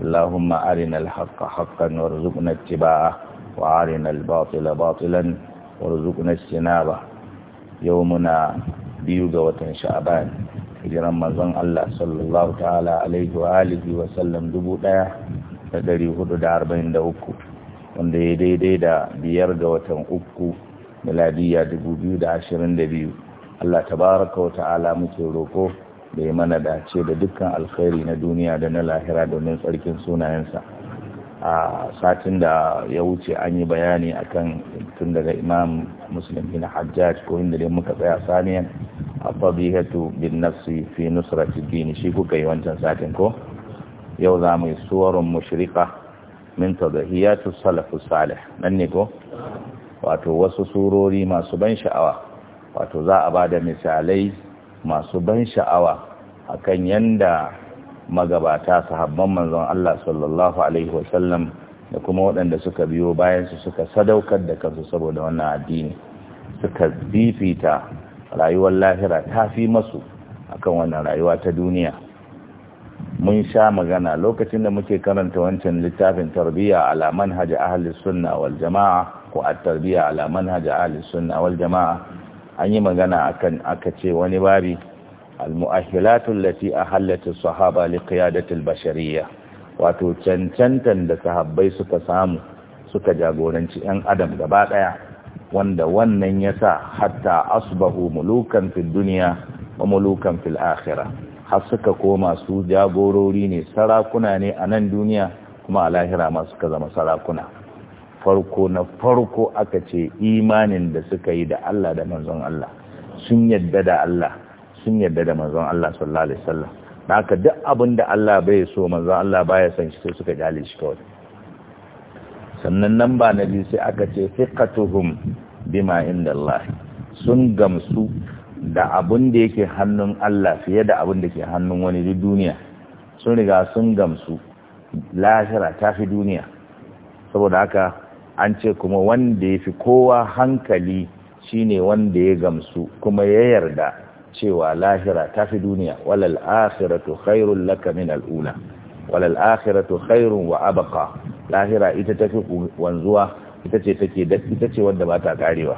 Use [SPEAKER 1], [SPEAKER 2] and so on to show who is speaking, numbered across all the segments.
[SPEAKER 1] اللهم أرنا الحق حقا وارزقنا اتباعه وأرنا الباطل باطلا وارزقنا اجتنابه يومنا بيوغا وتن شعبان hijiran manzon Allah sallallahu ta'ala alaihi wa alihi wa sallam dubu ɗaya da dari hudu da arba'in da uku wanda ya daidai da biyar ga watan uku miladiya dubu biyu da ashirin da biyu Allah tabaraka wa muke roko da ya mana dace da dukkan alkhairi na duniya da na lahira domin tsarkin sunayensa a satin da ya wuce an yi bayani akan tun daga imam Musulmi bin hajjaj ko inda dai muka tsaya saniyan a fadihatu bin nafsi fi nusrati dini shi kuka yi wancan satin ko yau za mu yi suwarun mushrika min hiyatu salafu salih nan ne ko wato wasu surori masu ban sha'awa wato za a ba da misalai masu ban sha'awa akan yanda magabata sahabban manzon Allah sallallahu alaihi wasallam da kuma waɗanda suka biyo bayan su suka sadaukar da kansu saboda wannan addini suka bifita rayuwar lahira ta fi masu akan wannan rayuwa ta duniya mun sha magana lokacin da muke karanta wancan littafin tarbiyya ala manhaj ahli sunna wal jamaa ko at-tarbiyya ala manhaj ahli sunna wal jamaa an yi magana akan aka ce wani babi almu'ahilatun lati a ahallatu sahaba li qiyadati bashariyya wato cancantan da sahabbai suka samu suka jagoranci yan adam gaba daya wanda wannan yasa hatta asbahu mulukan fil duniya wa mulukan fil akhirah har suka koma su jagorori ne sarakuna ne a nan duniya kuma a lahira ma suka zama sarakuna farko na farko aka ce imanin da suka yi da Allah da manzon Allah sun yadda da Allah sun yadda da manzon Allah sallallahu alaihi wasallam aka duk abin da Allah bai so manzon Allah baya son shi sai suka jale shi kawai sannan nan ba na biyu sai aka ce fiqatuhum bima inda Allah sun gamsu da abin da yake hannun Allah fiye da abin da ke hannun wani duk duniya sun riga sun gamsu lahira ta fi duniya saboda haka an ce kuma wanda ya fi kowa hankali shine wanda ya gamsu kuma ya yarda cewa lahira ta fi duniya walal akhiratu khairul laka min al'ula walal akhiratu khairun wa abqa lahira ita ta fi wanzuwa ita ce take da ita ce wanda ba ta karewa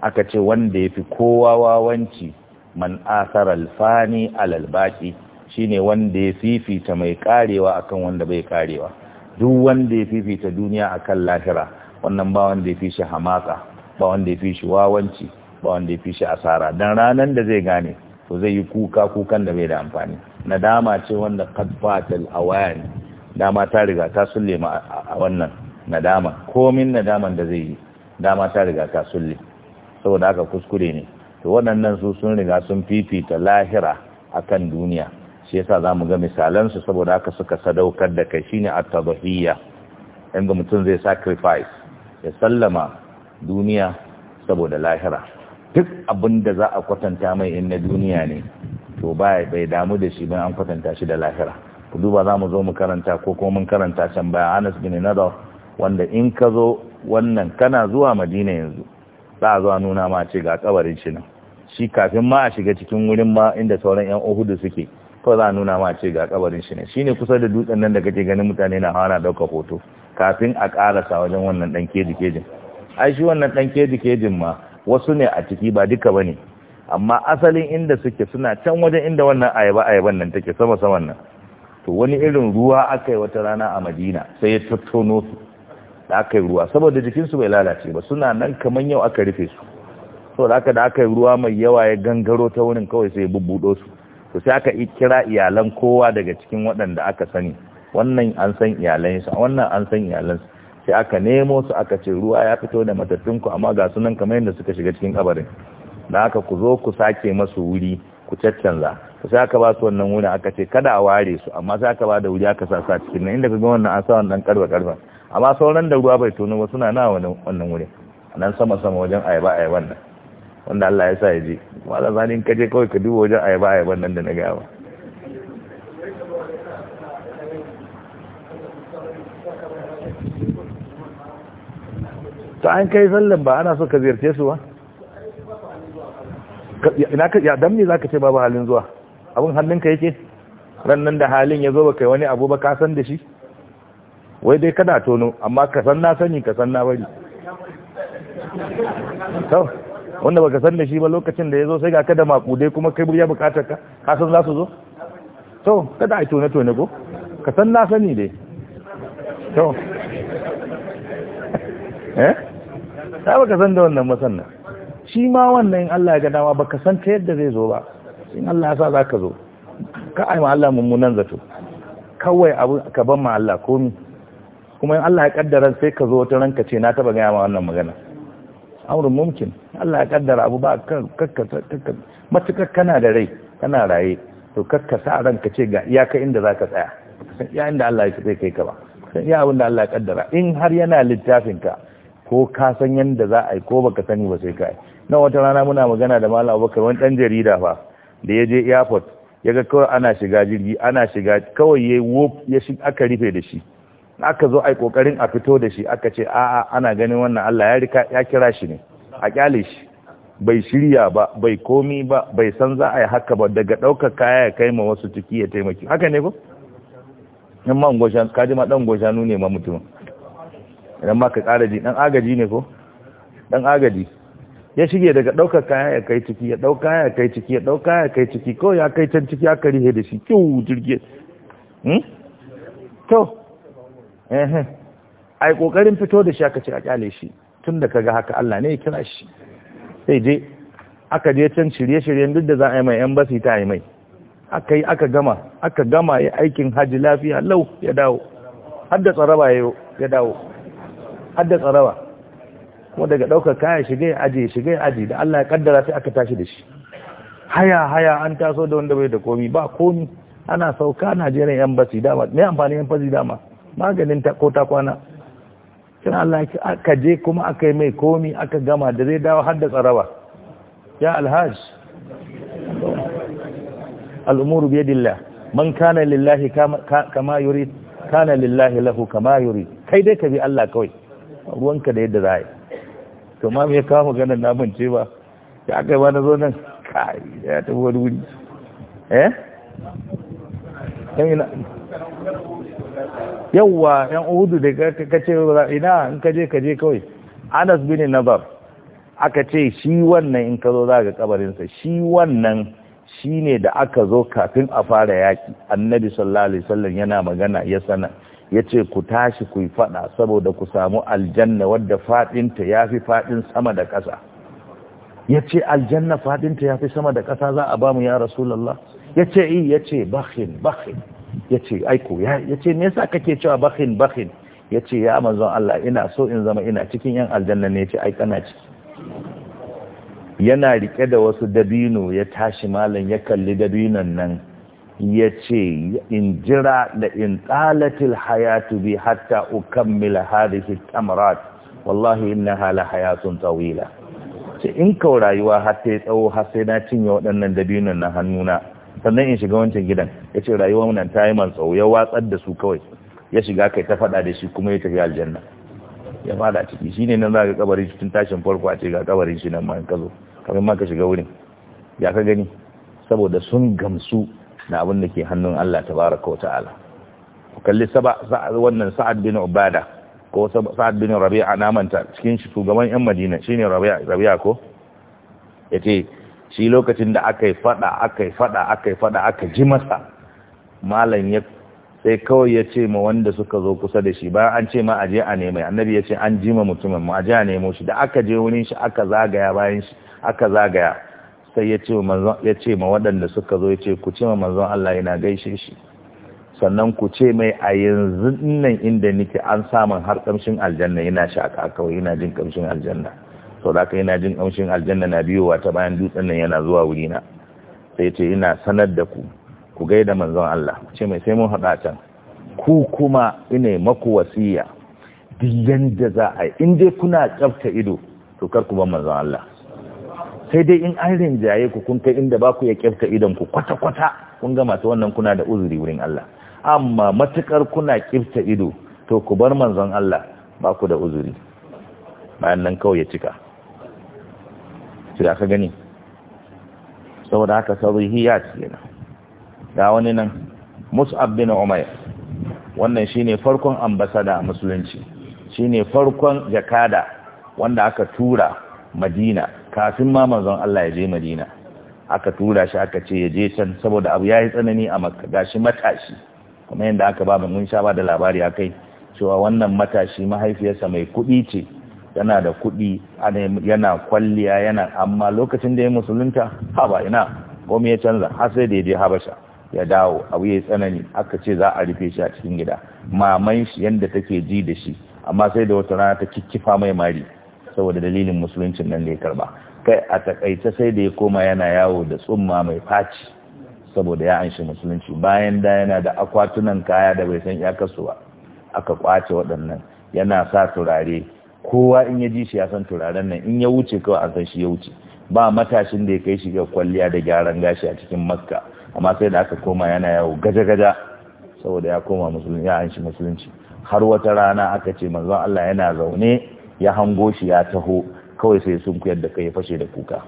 [SPEAKER 1] aka ce wanda ya fi kowa wawanci man asara alfani alal baqi shine wanda ya fifita mai karewa akan wanda bai karewa duk wanda ya fifita duniya akan lahira wannan ba wanda ya fi shi hamaka ba wanda ya fi shi wawanci ba wanda ya fi shi asara dan ranar da zai gane to zai yi kuka kukan da bai da amfani nadama ce wanda qad fatal ne. dama ta riga ta sulle ma a wannan nadama komin nadaman da zai yi dama ta riga ta sulle saboda haka kuskure ne to waɗannan su sun riga sun fifita lahira akan duniya shi yasa zamu ga misalansu saboda haka suka sadaukar da kai shine at-tadhiyya inda mutum zai sacrifice ya sallama duniya saboda lahira duk abin da za a kwatanta mai in na duniya ne to bai damu da shi ban an kwatanta shi da lahira ku duba za mu zo mu karanta ko kuma mun karanta can baya Anas bin Nadar wanda in ka zo wannan kana zuwa Madina yanzu za a zo nuna ma ce ga kabarin shi nan shi kafin ma a shiga cikin wurin ma inda sauran yan Uhudu suke kawai za a nuna ma ce ga kabarin shi ne shi ne kusa da dutsen nan da kake ganin mutane na hana dauka hoto kafin a ƙarasa wajen wannan ɗan keji kejin ai shi wannan ɗan keji kejin ma wasu ne a ciki ba duka bane amma asalin inda suke suna can wajen inda wannan ayaba ayaban nan take sama saman nan to wani irin ruwa aka yi wata rana a madina sai ya tattono su da aka yi ruwa saboda jikinsu bai lalace ba suna nan kamar yau aka rufe su saboda haka da aka yi ruwa mai yawa ya gangaro ta wurin kawai sai ya bubbudo su to sai aka kira iyalan kowa daga cikin waɗanda aka sani wannan an san iyalansa wannan an san iyalansa sai aka nemo su aka ce ruwa ya fito da matattun ku amma ga sunan kamar yadda suka shiga cikin kabarin da aka ku zo ku sake masu wuri ku caccanza to sai aka ba su wannan wuri aka ce kada a ware su amma sai aka ba da wuri aka sa sa cikin nan inda ka ga wannan an sa wannan karba karba amma sauran da ruwa bai tono ba suna na wannan wurin nan sama sama wajen ayaba ayaban nan wanda Allah ya sa ya je wala zanin kaje kawai ka duba wajen ayaba ayaban nan da na gaya ba ta an kai sallan ba ana so ka ziyarce su ba ya dan za ka ce babu halin zuwa abin halin ka yake rannan da halin ya zo ba kai wani abu ba ka san da shi wai dai kada tono amma ka san na sani ka san na bari wanda baka san da shi ba lokacin da ya zo sai ga ka da makude kuma kai ya bukatar ka ka san za su zo to kada a tone tone ko ka san na sani dai to
[SPEAKER 2] eh
[SPEAKER 1] ta baka san da wannan masanna shi ma wannan in Allah ya ga dama baka san ta yadda zai zo ba in Allah ya sa zaka zo ka ai ma Allah mummunan zato kawai abu ka ban ma Allah komi kuma in Allah ya kaddara sai ka zo wata ranka ce na taba ga ma wannan magana amurin mumkin Allah ya kaddara abu ba kakkata matukar kana da rai kana raye to kakkasa a ranka ce ga iyaka inda za ka tsaya ya inda Allah ya zai kai ka ba ya iya abin Allah ya kaddara in har yana littafinka ko ka san yadda za a yi ko baka sani ba sai kai na wata rana muna magana da Malam Abubakar wani dan jarida ba da ya je airport ya ga kawai ana shiga jirgi ana shiga kawai wop ya shi aka rufe da shi aka zo ai kokarin a fito da shi aka ce a'a ana ganin wannan Allah ya rika ya kira shi ne a kyale shi bai shirya ba bai komi ba bai san za a yi haka ba daga daukar kaya ya kai ma wasu ciki ya taimaki haka ne ko in ma ngoshan kaji ma dan goshanu ne ma mutum idan ma ka kara ji dan agaji ne ko dan agaji ya shige daga daukar kaya ya kai ciki ya ɗauka ya kai ciki ya ɗauka ya kai ciki ko ya kai can ciki aka rihe da shi kyau jirgi hmm? to eh ai kokarin fito da shi aka ce a kyale shi tun da kaga haka Allah ne ya kira shi sai je aka je can shirye-shiryen duk da za a yi mai yan basi ta yi mai aka yi aka gama aka gama ya aikin hajji lafiya lau ya dawo har da tsaraba ya dawo har da tsaraba kuma daga ɗaukar kaya shiga ya aji shiga ya aji da Allah ya kaddara sai aka tashi da shi haya haya an taso da wanda bai da komi ba komi ana sauka Najeriya yan basi dama me amfani yan basi dama maganin ko ta kwana sai Allah aka je kuma aka yi mai komi aka gama da zai dawo har da tsaraba ya alhaj al'umuru biyadillah man kana lillahi kama yuri kana lillahi lahu kama yuri kai dai ka bi Allah kawai ruwanka da yadda za yi to ma mai kawo maganar namun ce ba ya aka yi ba na zo nan kai ya tafi wani wuri eh yawwa yan uhudu da ka ce ina in ka je ka je kawai anas bin nazar aka ce shi wannan in ka zo za ga kabarinsa shi wannan shi ne da aka zo kafin a fara yaki annabi sallallahu alaihi wasallam yana magana ya sana ya ce ku tashi ku yi fada saboda ku samu aljanna wadda fadinta ya fi fadin sama da ƙasa ya ce aljanna fadinta ya fi sama da ƙasa za a ba mu ya rasulallah ya ce yi eh, ya ce bakhin bakhin ya ce aiko ya ce me yasa kake cewa bakin bakin ya ce ya manzon Allah ina so in zama ina cikin yan aljanna ne ya ce ai ciki yana rike da wasu dabino ya tashi malam ya kalli dabinon nan ya ce in jira da in tsalatil hayatu bi hatta ukammila hadhihi tamarat wallahi innaha la hayatun tawila ce in ka rayuwa har sai tsawo har sai na cinye waɗannan dabinon na hannuna sannan in shiga wancan gidan ya ce rayuwar nan ta yi man tsawo ya watsar da su kawai ya shiga kai ta fada da shi kuma ya tafi aljanna ya fada ciki shi ne nan za ka kabarin shi tun tashin farko a ce ga kabarin shi nan ma ka zo kamar ma ka shiga wurin ya ka gani saboda sun gamsu da abin da ke hannun Allah tabaraka wa ta'ala kalli wannan sa'ad bin ubada ko sa'ad bin rabi'a namanta cikin shi shugaban yan madina shine rabi'a rabi'a ko yace shi lokacin da aka yi fada aka yi fada aka yi fada aka ji masa malam ya sai kawai ya ce ma wanda suka zo kusa da shi bayan an ce ma aje a nemai annabi ya ce an ji ma mutumin mu aje a nemo shi da aka je wurin shi aka zagaya bayan shi aka zagaya sai ya ce manzon ya ce ma waɗanda suka zo ya ce ku ce ma manzon Allah yana gaishe shi sannan ku ce mai a yanzu nan inda nake an samun har kamshin aljanna yana shaka kawai yana jin kamshin aljanna sau da yana jin kamshin aljanna na biyowa ta bayan dutsen nan yana zuwa na sai ce ina sanar da ku ku gaida manzon Allah ce mai sai mun haɗa can ku kuma ina maku wasiya duk yanda za a yi in dai kuna tsafta ido to kar ku ban manzon Allah sai dai in an rinjaye ku kun kai inda ba ku ya kyafta idan ku kwata-kwata kun ga masu wannan kuna da uzuri wurin Allah amma matukar kuna kyafta ido to ku bar manzon Allah ba ku da uzuri bayan nan kawai ya cika to ya ka gani saboda haka ce kenan ga wani nan mus'ab bin umar wannan shine farkon ambasada a musulunci shine farkon jakada wanda aka tura madina kafin ma manzon Allah ya je madina aka tura shi aka ce ya je can saboda abu yayi tsanani a makka gashi matashi kuma yanda aka ba mun sha ba da labari akai cewa wannan matashi mahaifiyarsa mai kuɗi ce yana da kuɗi yana kwalliya yana amma lokacin da ya musulunta haba ina komai ya canza har sai da ya je habasha ya dawo abu ya tsanani aka ce za a rufe shi a cikin gida maman shi yadda take ji da shi amma sai da wata rana ta kikkifa mai mari saboda dalilin musuluncin nan da ya karba kai a takaice sai da ya koma yana yawo da tsumma mai faci saboda ya anshi musulunci bayan da yana da akwatunan kaya da bai san iyakarsu ba aka kwace waɗannan yana sa turare kowa in ya ji shi ya san turaren nan in ya wuce kawai an san shi ya wuce ba matashin da ya kai shi ga kwalliya da gyaran gashi a cikin makka amma sai da aka koma yana yawo gaja-gaja saboda ya koma musulunci ya anshi musulunci har wata rana aka ce manzon Allah yana zaune ya hango shi ya taho kawai sai sun kuyar da kai ya fashe da kuka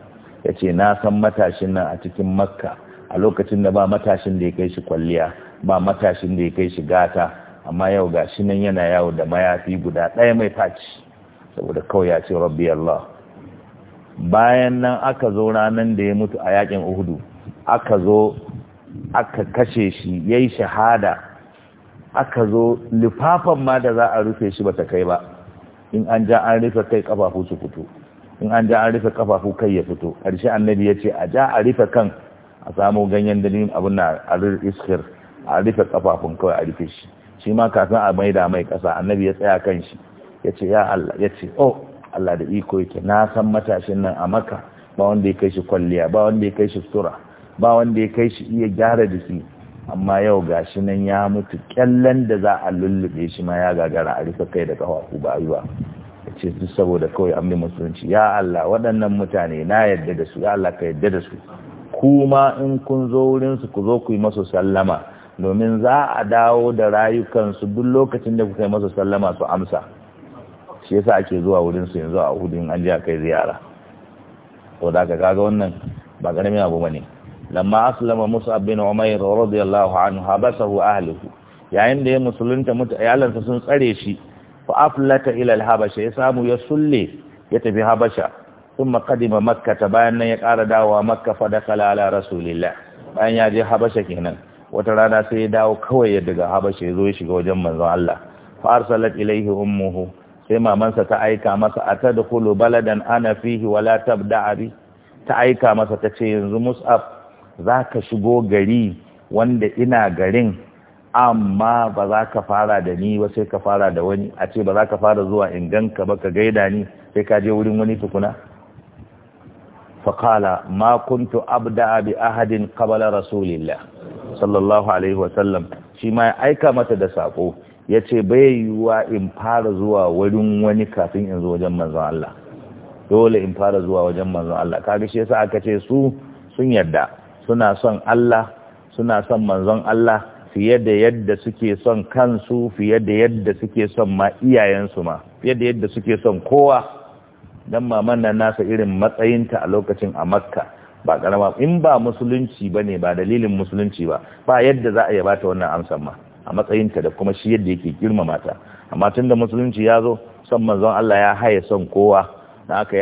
[SPEAKER 1] ya ce na san matashin nan a cikin makka a lokacin da ba matashin da ya kai shi kwalliya ba matashin da ya kai shi gata amma yau ga nan yana yawo da mayafi guda ɗaya mai faci saboda kawai ya ce rabbi Allah bayan nan aka zo ranar da ya mutu a yakin uhudu aka zo aka kashe shi ya yi shahada aka zo lifafan ma da za a rufe shi bata kai ba in an ja an rufe kai kafafu su fito in an ja an rufe kafafu kai ya fito ƙarshe annabi ya ce a ja a rufe kan a samu ganyen dalilin abin na a iskir a rufe kafafun kawai a rufe shi shi ma kafin a maida mai ƙasa annabi ya tsaya kan shi ya ce ya Allah ya ce oh Allah da iko yake na san matashin nan a maka ba wanda ya kai shi kwalliya ba wanda ya kai shi sutura ba wanda ya kai shi iya gyara jiki amma yau ga shi nan ya mutu kyallan da za a lullube shi ma ya gagara a rufe kai da kafafu ba yi ba ya ce duk saboda kawai an musulunci ya Allah waɗannan mutane na yadda da su ya Allah ka yadda da su kuma in kun zo wurinsu ku zo ku yi masu sallama domin za a dawo da rayukansu duk lokacin da kuka kai masu sallama su amsa shi yasa ake zuwa wurin su yanzu a hudu an ji kai ziyara to da ka kaga wannan ba karamin abu bane lamma aslama musa bin umayr radiyallahu anhu habasahu ahlihi yayin da ya musulunta iyalansa sun tsare shi fa aflata ila al-habasha ya samu ya sulle ya tafi habasha thumma qadima makka ta bayan nan ya ƙara dawowa makka fa dakala ala rasulillah bayan ya je habasha kenan wata rana sai ya dawo kawai ya daga habasha ya zo ya shiga wajen manzon Allah fa arsalat ilayhi ummuhu sai mamansa ta aika masa a ta da kulu baladan ana fihi wala ta da'abi ta aika masa ta ce yanzu mus'af za ka shigo gari wanda ina garin amma ba za ka fara da ni ba sai ka fara da wani a ce ba za ka fara zuwa inganka ba ka gaida ni sai ka je wurin wani tukuna faƙala ma kuntu abda bi ahadin qabala rasulillah sallallahu alaihi wa sallam shi ma ya aika mata da sako ya ce bai yiwuwa in fara zuwa wurin wani kafin in zo wajen manzon Allah dole in fara zuwa wajen manzon Allah kaga shi yasa aka ce su sun yadda suna son Allah suna son manzon Allah fiye da yadda suke son kansu fiye da yadda suke son ma iyayensu ma fiye da yadda suke son kowa dan maman nan nasa irin matsayinta a lokacin a Makka ba karama in ba musulunci bane ba dalilin musulunci ba ba yadda za a yaba ta wannan amsan ma a matsayin matsayinta da kuma shi yadda yake girmama ta amma tun da musulunci ya zo son manzon Allah ya haye son kowa da aka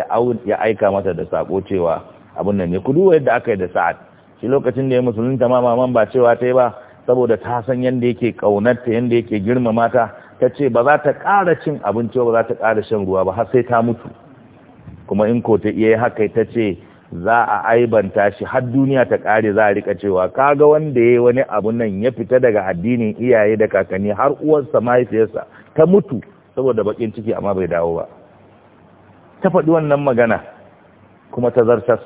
[SPEAKER 1] ya aika mata da sako cewa abin nan ne ku duba yadda aka yi da sa'ad shi lokacin da ya musulunta ma maman ba cewa ta yi ba saboda ta san yadda yake kaunarta yadda yake girmama ta ta ce ba za ta ƙara cin abinci ba za ta kara shan ruwa ba har sai ta mutu kuma in ko ta iya haka ta ce za a aibanta shi har duniya ta kare za a rika cewa kaga wanda yayi wani abu nan ya fita daga addinin iyaye da kakanni har uwarsa mahaifiyarsa ta mutu saboda bakin ciki amma bai dawo ba ta faɗi wannan magana kuma ta zartas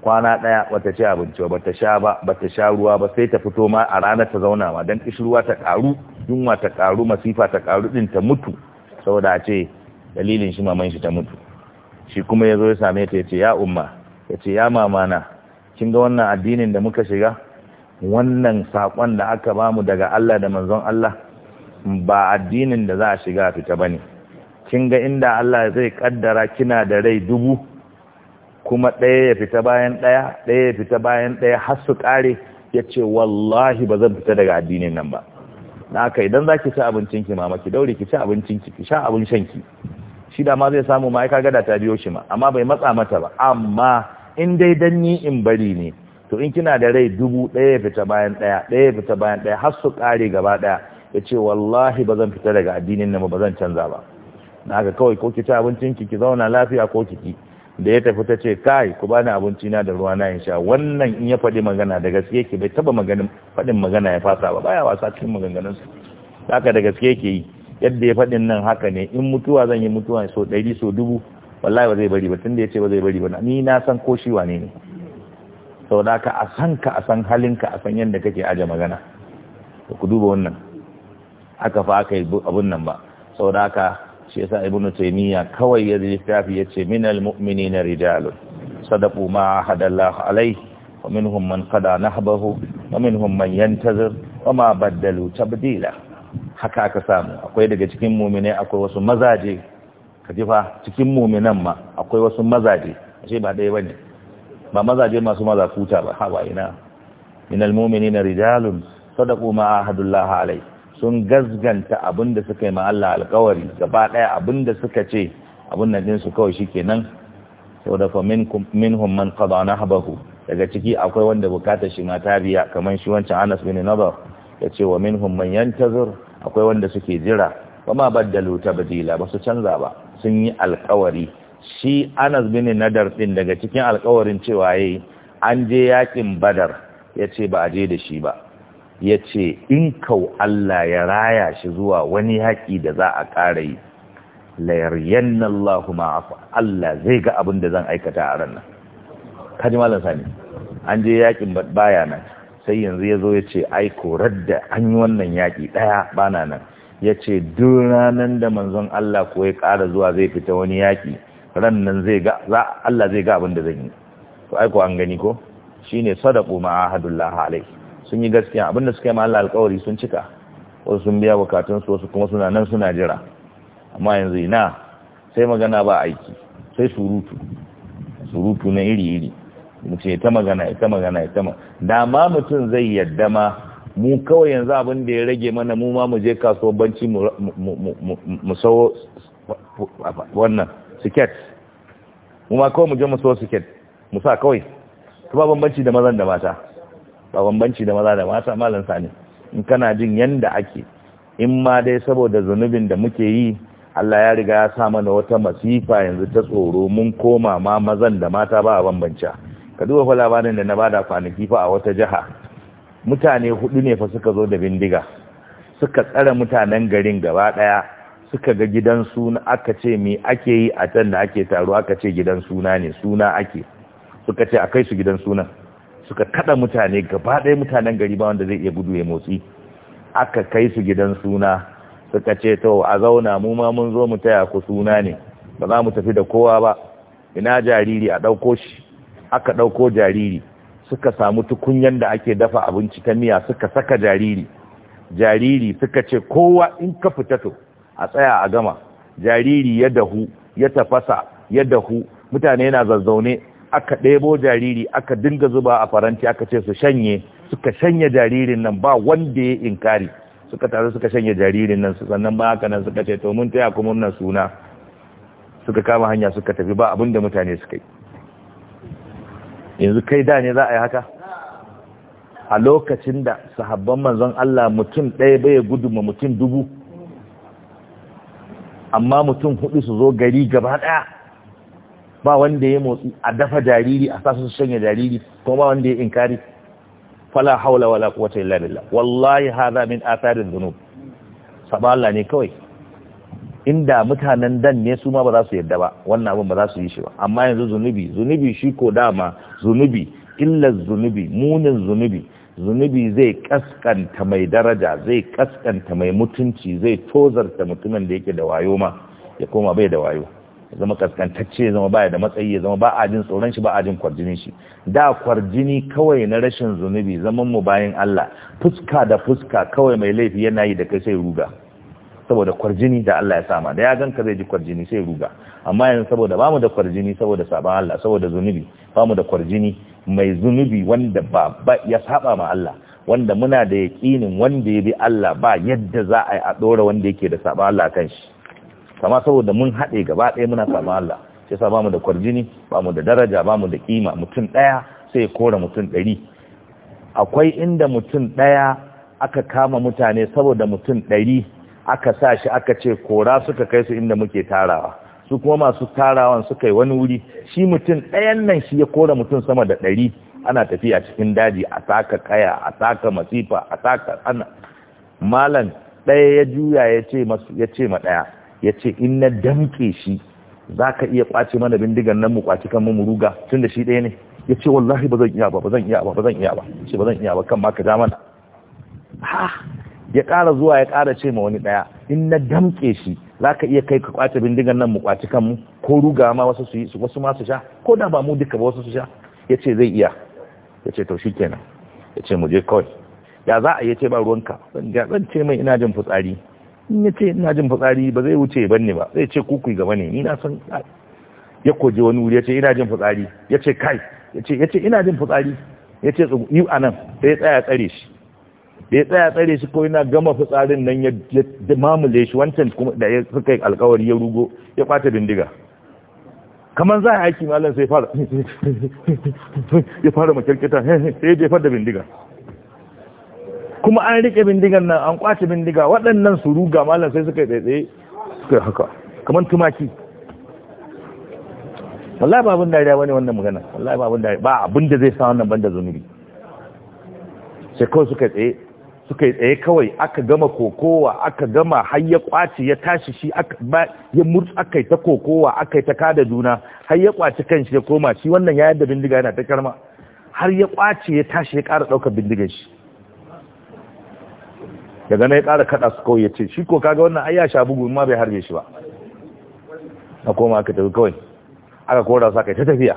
[SPEAKER 1] kwana ɗaya bata ci abinci ba ta sha ba ba ta sha ruwa ba sai ta fito ma a ranar ta zauna ma don kishirwa ta karu yunwa ta karu masifa ta karu ɗin ta mutu saboda a ce dalilin shi maman shi ta mutu shi kuma ya zo ya same ta ya ce ya umma ya ce ya mamana kin ga wannan addinin da muka shiga wannan saƙon da aka bamu daga Allah da manzon Allah ba addinin da za a shiga fita ba ne kin ga inda Allah zai kaddara kina da rai dubu kuma ɗaya ya fita bayan ɗaya ɗaya ya fita bayan ɗaya har su ƙare ya ce wallahi ba zan fita daga addinin nan ba na aka idan za ki ci abincinki mama ki daure ki ci abincin ki sha abin shanki shi da ma zai samu ma gada ta biyo shi ma amma bai matsa mata ba amma in dai dan ni in bari ne to in kina da rai dubu ɗaya fita bayan ɗaya ɗaya fita bayan ɗaya har su ƙare gaba ɗaya ya ce wallahi ba zan fita daga addinin nan ba zan canza ba na ga kawai ko ki ci abincin ki ki zauna lafiya ko ki da ya tafi ta ce kai ku bani abinci na da ruwa na in sha wannan in ya faɗi magana da gaske ki bai taba maganin faɗin magana ya fasa ba baya wasa cikin su haka da gaske ke yi yadda ya faɗin nan haka ne in mutuwa zan yi mutuwa so ɗari so dubu wallahi ba zai bari ba tunda yace ba zai bari ba ni na san ko shi wane ne saboda ka a san ka a san halinka a san yadda kake aje magana to ku duba wannan aka fa aka yi abun nan ba saboda ka shi yasa ibnu taymiya kawai ya zai tafi min minal mu'minina rijalun sadaqu ma hadallahu man qada nahbahu wa minhum man yantazir wa ma بدلوا tabdila. haka aka samu akwai daga cikin muminai akwai wasu mazaje ka fa cikin muminan ma akwai wasu mazaje ashe ba ɗaya bane ba mazaje masu maza kuta ba ba ina min na rijalun sadaqu ma ahadullahi alai sun gazganta abinda suka yi ma Allah alƙawari gaba ɗaya abinda suka ce abin nan din su kawai shikenan da fa min minhum man qada nahbahu daga ciki akwai wanda bukatar shi ma ta biya kamar shi wancan Anas bin Nadar ya ce wa minhum man yantazir akwai wanda suke jira ba ma ta tabdila ba su canza ba sun yi alkawari shi anas bin nadar din daga cikin alkawarin cewa yayi an je yakin badar yace ba a je da shi ba yace in kau Allah ya raya shi zuwa wani yaƙi da za a ƙara yi la yaryanna Allahu Allah zai ga abin da zan aikata a ran nan kaji malam sani an je yakin baya nan sai yanzu yazo yace ai korar da an yi wannan yaki daya bana nan ya ce duk ranar da manzon Allah ko ya ƙara zuwa zai fita wani yaƙi ran nan zai ga Allah zai ga abin da zan yi to aiko an gani ko shi shine sadaqu ma'ahadullah alai sun yi gaskiya abin da suka yi ma alƙawari sun cika wasu sun biya bukatun su wasu kuma suna nan suna jira amma yanzu ina sai magana ba aiki sai surutu surutu na iri iri mutum ya ta magana ya ta magana ya ta magana da mutum zai yadda ma mu kawai yanzu abin da ya rage mana mu ma mu je kasuwar banci mu sawo wannan siket mu ma kawai mu je mu sawo siket mu sa kawai su ba bambanci da mazan da mata ba bambanci da maza da mata malam sani in kana jin yanda ake in ma dai saboda zunubin da muke yi Allah ya riga ya sa mana wata masifa yanzu ta tsoro mun koma ma mazan da mata ba a bambanci ka duba fa labarin da na bada kwanaki fa a wata jiha mutane hudu ne fa suka zo da bindiga suka tsara mutanen garin gaba daya suka ga gidan suna aka ce me ake yi a can da ake taro aka ce gidan suna ne suna ake suka ce akai su gidan sunan suka kada mutane gaba daya mutanen gari ba wanda zai iya gudu ya motsi aka kai su gidan suna suka ce to a zauna mu ma mun zo mu taya ku suna ne ba za mu tafi da kowa ba ina jariri a ɗauko shi aka ɗauko jariri suka samu tukunyan da ake dafa abinci ta miya suka saka jariri jariri suka ce kowa in ka fita to a tsaya a gama jariri ya dahu ya tafasa ya dahu mutane yana zazzaune aka ɗebo jariri aka dinga zuba a faranti aka ce su shanye suka shanye jaririn nan ba wanda ya inkari suka taru suka shanye jaririn nan su sannan ba haka nan suka ce to mun taya kuma nan suna suka kama hanya suka tafi ba abinda mutane suka yi yanzu kai da ne za a yi haka a lokacin da sahabban manzon Allah mutum ɗaya bai guduma mutum dubu amma mutum hudu su zo gari gaba ɗaya ba wanda ya motsi a dafa jariri a sasu su shanya jariri kuma ba wanda ya inkari fala haula wala kuwata illa billah wallahi hadha min atharil dhunub saballa ne kawai inda mutanen dan ne su ma ba za su yarda ba wannan abin ba za su yi shi ba amma yanzu zunubi zunubi shi ko dama zunubi illar zunubi munin zunubi zunubi zai kaskanta mai daraja zai kaskanta mai mutunci zai tozarta mutumin da yake da wayo ma ya koma bai da wayo zama kaskantacce zama baya da matsayi zama ba a jin tsoron shi ba a jin kwarjini shi da kwarjini kawai na rashin zunubi zaman mu bayan Allah fuska da fuska kawai mai laifi yana yi da kai sai ruga saboda kwarjini da Allah ya sama da ya ganka zai ji kwarjini sai ruga amma yanzu saboda bamu da kwarjini saboda saban Allah saboda zunubi bamu da kwarjini mai zunubi wanda ba ya saba ma Allah wanda muna da yaƙinin wanda ya bi Allah ba yadda za a yi a ɗora wanda yake da sabon Allah kan shi kama saboda mun haɗe gaba ɗaya muna saba Allah sai sa bamu da kwarjini bamu da daraja bamu da kima mutum ɗaya sai kora mutum ɗari akwai inda mutum ɗaya aka kama mutane saboda mutum ɗari aka sa shi aka ce kora suka kai su inda muke tarawa su kuma masu tarawan suka yi wani wuri shi mutum ɗayan nan shi ya kora mutum sama da ɗari ana tafiya cikin daji a saka kaya a saka masifa a saka ana malam ɗaya ya juya ya ce ma ɗaya ya ce in na damƙe shi za ka iya ƙwace mana bindigan nan mu ƙwace kan mu ruga tun da shi ɗaya ne ya ce wallahi ba zan iya ba ba zan iya ba ba zan iya ba ce ba zan iya ba kan ma ka ja mana ha ya ƙara zuwa ya ƙara ce ma wani ɗaya in na damƙe shi za ka iya kai ka ƙwace bindigan nan mu ƙwaci kanmu ko ruga ma wasu su yi wasu ma su sha ko da ba mu duka ba wasu su sha ya ce zai iya ya ce to shi kenan ya ce mu je kawai ya za a yi ce ba ruwanka zan ce mai ina jin fitsari in ya ce ina jin fitsari ba zai wuce ban ne ba zai ce kuku gaba ne ni na san ya koje wani wuri ya ce ina jin fitsari ya ce kai ya ce ina jin fitsari ya ce yi a nan sai ya tsaya tsare shi da ya tsaya tsare shi ko yana gama fitsarin nan ya mamule shi wancan kuma da ya suka yi alkawari ya rugo ya kwata bindiga kamar za a aiki malam sai fara ya fara makirkita sai ya fara bindiga kuma an rike bindigan nan an ƙwace bindiga waɗannan su ruga malam sai suka yi tsaye suka haka kamar tumaki wallahi ba abin dariya wani wannan magana wallahi ba abin dariya ba abin da zai sa wannan banda zunubi sai kawai suka tsaye suka yi tsaye kawai aka gama kokowa aka gama har ya kwace ya tashi shi aka ya murtsu aka yi ta kokowa aka yi ta kada juna har ya kwace kanshi ya koma shi wannan ya yadda bindiga yana ta karma har ya kwace ya tashi ya ƙara ɗaukar bindigar shi daga na ya ƙara kaɗa su kawai ya ce shi ko kaga wannan ai ya sha bugu ma bai harbe shi ba na koma aka tafi kawai aka kora su aka yi ta tafiya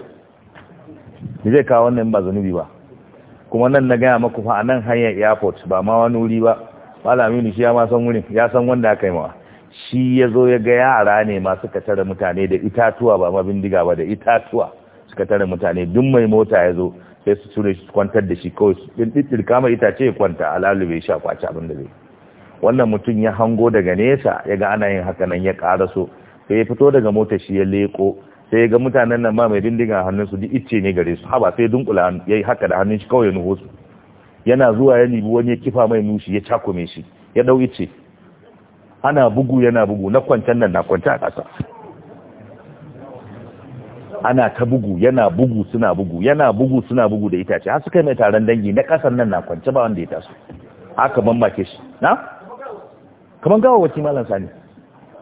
[SPEAKER 1] Ni zai kawo wannan ba zunubi ba kuma nan na gaya maku fa a nan hanyar airport ba ma wani wuri ba aminu shi ya ma san wurin ya san wanda aka yi mawa shi ya zo ya ga yara ne ma suka tara mutane da itatuwa ba ma bindiga ba da itatuwa suka tara mutane duk mai mota ya zo sai su cire shi kwantar da shi kawai su ɗinɗin kama itace ya kwanta a bai sha a kwace abin da zai wannan mutum ya hango daga nesa ya ga ana yin haka nan ya ƙara so sai ya fito daga motar shi ya leƙo sai ga mutanen nan ma mai bindiga hannun su duk ne gare su haba sai dunkula yayi haka da hannun shi kawai ya nuho su yana zuwa ya nibi wani ya kifa mai nushi ya cakume shi ya dau ice ana bugu yana bugu na kwantan nan na kwanta a ƙasa ana ta bugu yana bugu suna bugu yana bugu suna bugu da itace har suka yi mai taron dangi na kasan nan na kwance ba wanda ya taso aka bambake shi na kaman gawa wacce malam sani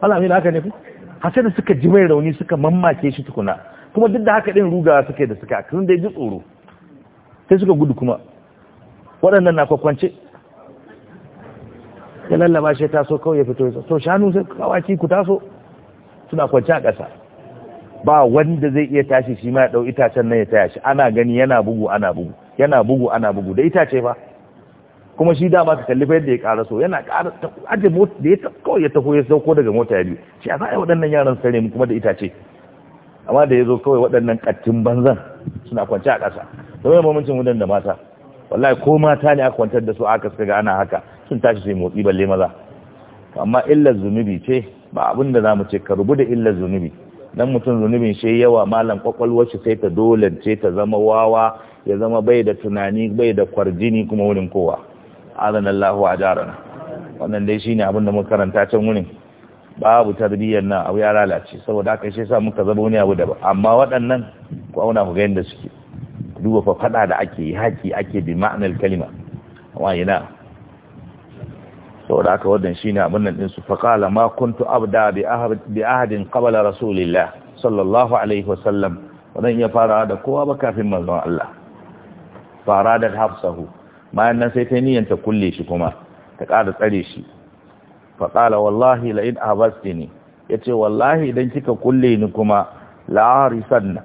[SPEAKER 1] malam ne haka ne ku hasa suka ji mai rauni suka mammace shi tukuna kuma duk da haka din rugawa suke da suka kun dai ji tsoro sai suka gudu kuma waɗannan na kwakwance ya lallaba shi so kawai ya fito to shanu sai kawaki ku taso suna kwanci a ƙasa ba wanda zai iya tashi shi ma ya ɗau itacen nan ya taya shi ana gani yana bugu ana bugu yana bugu ana bugu da itace fa kuma shi dama ka kalli yadda ya ƙara so yana ƙara aje mota da ya kawai ya taho ya sauko daga mota ya biyu shi a za'a waɗannan yaran sare mu kuma da itace amma da ya zo kawai waɗannan ƙattin banzan suna kwance a ƙasa don yana mamancin wudan da mata wallahi ko mata ne aka kwantar da su aka suka ga ana haka sun tashi su yi motsi balle maza amma illar zunubi ce ba abin da zamu mu ce ka rubu da illar zunubi dan mutum zunubin shi yawa malam kwakwalwar shi sai ta dole ce ta zama wawa ya zama bai da tunani bai da kwarjini kuma wurin kowa azan Allah wa ajarana wannan dai shine abin da muka karanta can wurin babu tarbiyyar nan abu ya lalace saboda haka shi yasa muka zama wani abu daban amma waɗannan ku auna ku ga yadda suke duba fa fada da ake yi haƙi ake bi ma'anar kalima amma ina saboda haka wannan shine abin nan din su fa qala ma kuntu abda bi ahadin qabla rasulillah sallallahu alaihi wasallam wannan ya fara da kowa ba kafin manzon Allah fara da hafsahu bayan nan sai ta niyan ta kulle shi kuma ta ƙara tsare shi faƙala wallahi la'in abasti ne ya ce wallahi idan kika kulle ni kuma la'arisan na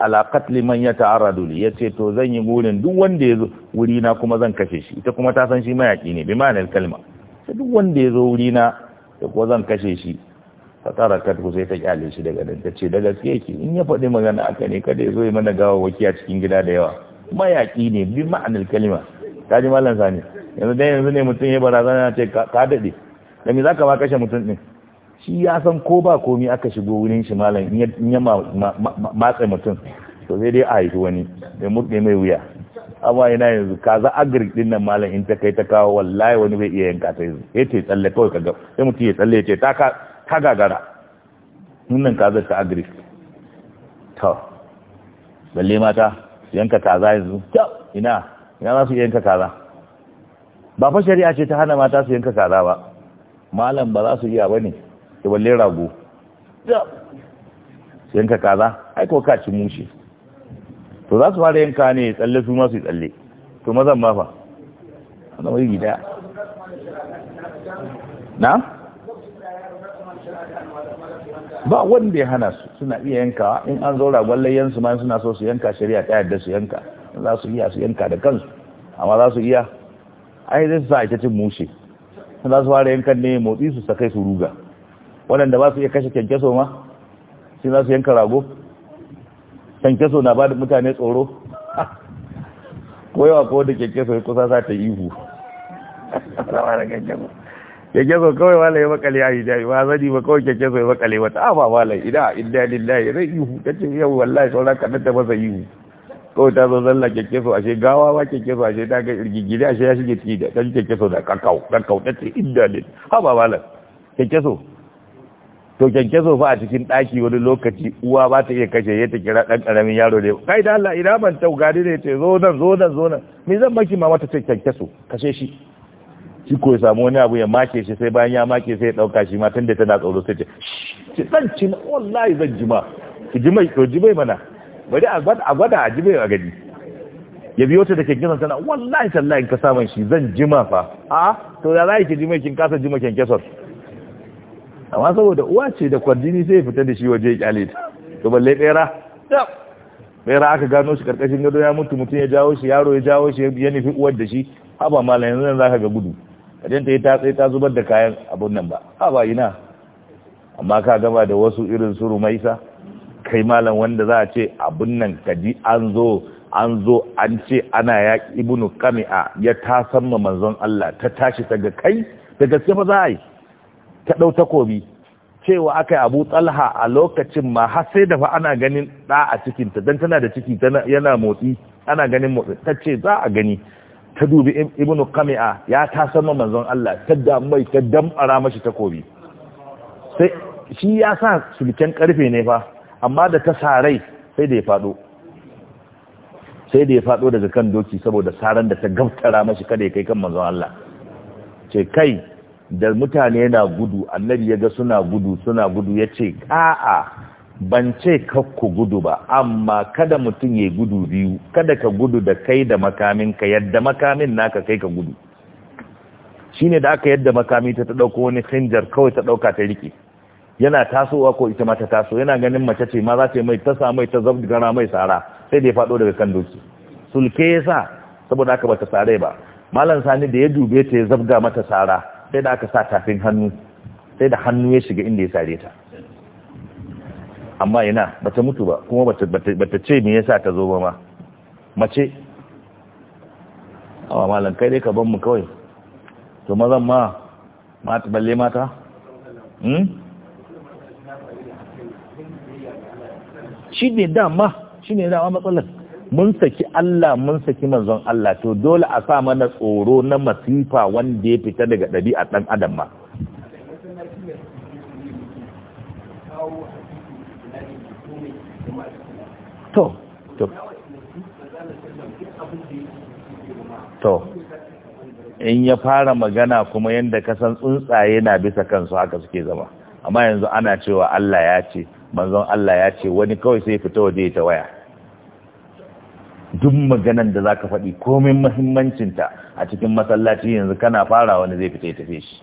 [SPEAKER 1] alaƙat liman ya ta'ara duli ya ce to zan yi burin duk wanda ya zo wuri na kuma zan kashe shi ita kuma ta san shi mayaƙi ne bi ma'anar kalma duk wanda ya zo wuri na da kuma zan kashe shi ta tsara katku sai ta kyale shi daga nan ta ce da gaske yake in ya faɗi magana aka ne kada ya zo mana gawa waki a cikin gida da yawa mayaƙi ne bi ma'anar kalma ta ji mallan sani yanzu dai yanzu ne mutum ya barazana ya ce ka daɗe da me za ka ma kashe mutum ɗin shi ya san ko ba komi aka shigo wurin shi malam in ya matsa mutum to sai dai a haifi wani da mutne mai wuya amma yana yanzu kaza agric din nan malam in ta kai ta kawo wallahi wani bai iya yanka ta yanzu ya ce tsalle kawai ka ga sai mutum ya tsalle ya ce ta gagara ka kaza ta agric to balle mata yanka kaza yanzu ina ya za su yanka kaza ba fa shari'a ce ta hana mata su yanka kaza ba malam ba za su yi ba ne da balle rago su yanka kaza ai ko kaci mushi to za su fara yanka ne tsalle su ma su tsalle to mazan ba fa ana wai gida na ba wanda ya hana su suna iya yankawa in an zo ragon layyansu ma suna so su yanka shari'a ta yadda su yanka za su iya su yanka da kansu amma za su iya ai zai sa ita cin mushe za su fara yankan ne motsi su sakai su ruga waɗanda ba su iya kashe kyankyaso ma sai za su yanka rago kyankyaso na ba da mutane tsoro ko yawa ko da kyankyaso ya kusa sa ta ihu kyankyaso kawai wala ya makale a hijabi ba zani ba kawai kyankyaso ya makale wata a ba wala ina inda lillahi zai ihu ta yau wallahi sauran kaɗan da masa ihu kawai ta zo zalla kyakkyaso ashe gawa wa kyakkyaso ashe ta ga irgigiri ashe ya shige ciki da ɗan kyakkyaso da kakau kakau ta ce inda ne ha ba malam kyakkyaso to kyakkyaso fa a cikin ɗaki wani lokaci uwa ba ta iya kashe ya ta kira ɗan ƙaramin yaro ne kai da Allah ina ban tau gari ne ce zo nan zo nan zo nan me zan maki mama ta ce kyakkyaso kashe shi shi ko ya samu wani abu ya make shi sai bayan ya make sai ya ɗauka shi ma tun da tana tsoro sai ce zan ci wallahi zan jima ki jima ki to mana bari a gwada a jibe a gani ya biyo ta da kyankyason tana wallahi sallah in ka samun shi zan jima fa a to da za ki jima kin kasa jima kyankyason amma saboda uwa ce da kwardini sai ya fita da shi waje ya kyale ta to balle bera bera aka gano shi karkashin gado ya mutu mutum ya jawo shi yaro ya jawo shi ya nufi uwar da shi haba malam yanzu za ka ga gudu idan ta yi ta tsaye ta zubar da kayan abun nan ba haba ina amma ka gaba da wasu irin su rumaisa kai malam wanda za a ce abun nan kaji an zo an zo an ce ana ya ibnu kami'a ya tasan ma manzon Allah ta tashi ta ga kai da gaske fa za a yi ta ɗau takobi cewa aka yi abu tsalha a lokacin ma har sai da fa ana ganin ɗa a cikinta don tana da ciki yana motsi ana ganin motsi ta ce za a gani ta dubi ibnu kami'a ya ta manzon Allah ta damai ta damara mashi takobi sai shi ya sa sulken karfe ne fa amma da ta sarai sai da ya fado sai da ya fado daga kan doki saboda saran da ta gaftara mashi kada ya kai kan manzon Allah ce kai da mutane yana gudu annabi ya ga suna gudu suna gudu ya ce a'a ban ce kakku gudu ba amma kada mutum ya gudu biyu kada ka gudu da kai da makamin ka yadda makamin naka kai ka gudu shine da aka yadda makami ta ta dauko wani khinjar kawai ta ɗauka ta rike yana tasowa ko ita ma ta taso yana ganin mace ce ma za ta mai ta samu ta ta gara mai tsara sai da ya faɗo daga kan doki sulke ya sa saboda haka bata tsare ba malam sani da ya dube ta ya zabga mata tsara sai da aka sa tafin hannu sai da hannu ya shiga inda ya tsare ta amma ina bata mutu ba kuma bata ce me yasa ta zo ba ma mace awa malam kai dai ka ban mu kawai to mazan ma mata balle mata hmm shi ne dama shi ne dama matsalar mun saki Allah mun saki manzon Allah to dole a sa mana tsoro na masifa wanda ya fita daga ɗabi'a ɗan adam ma to to to in ya fara magana kuma yadda kasan tsuntsaye na bisa kansu haka suke zama amma yanzu ana cewa Allah ya ce manzon Allah ya ce wani kawai sai fita waje ta waya duk maganan da zaka faɗi komai muhimmancinta a cikin masallaci yanzu kana fara wani zai fita ya tafi shi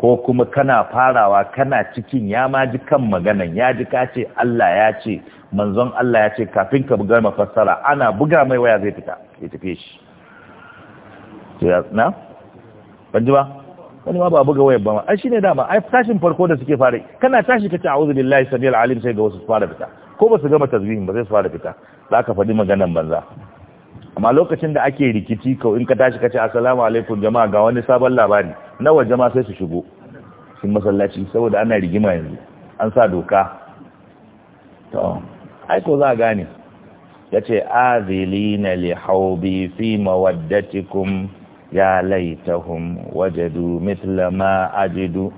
[SPEAKER 1] ko kuma kana farawa kana cikin ya ma ji kan maganan ya ji ka ce Allah ya ce manzon Allah ya ce kafin ka buga mafassara ana buga mai waya zai fita ya tafi shi na? ban wani ma ba buga wayar ba ma ai shine dama ai tashin farko da suke fara kana tashi kace a'udhu billahi samil alim sai ga wasu fara fita ko ba su gama tasbihin ba sai su fara fita za ka faɗi maganan banza amma lokacin da ake rikici ko in ka tashi kace assalamu alaikum jama'a ga wani sabon labari nawa jama'a sai su shigo sun masallaci saboda ana rigima yanzu an sa doka to ai ko za gane yace azilina li haubi fi mawaddatikum يا ليتهم وجدوا مثل ما أجد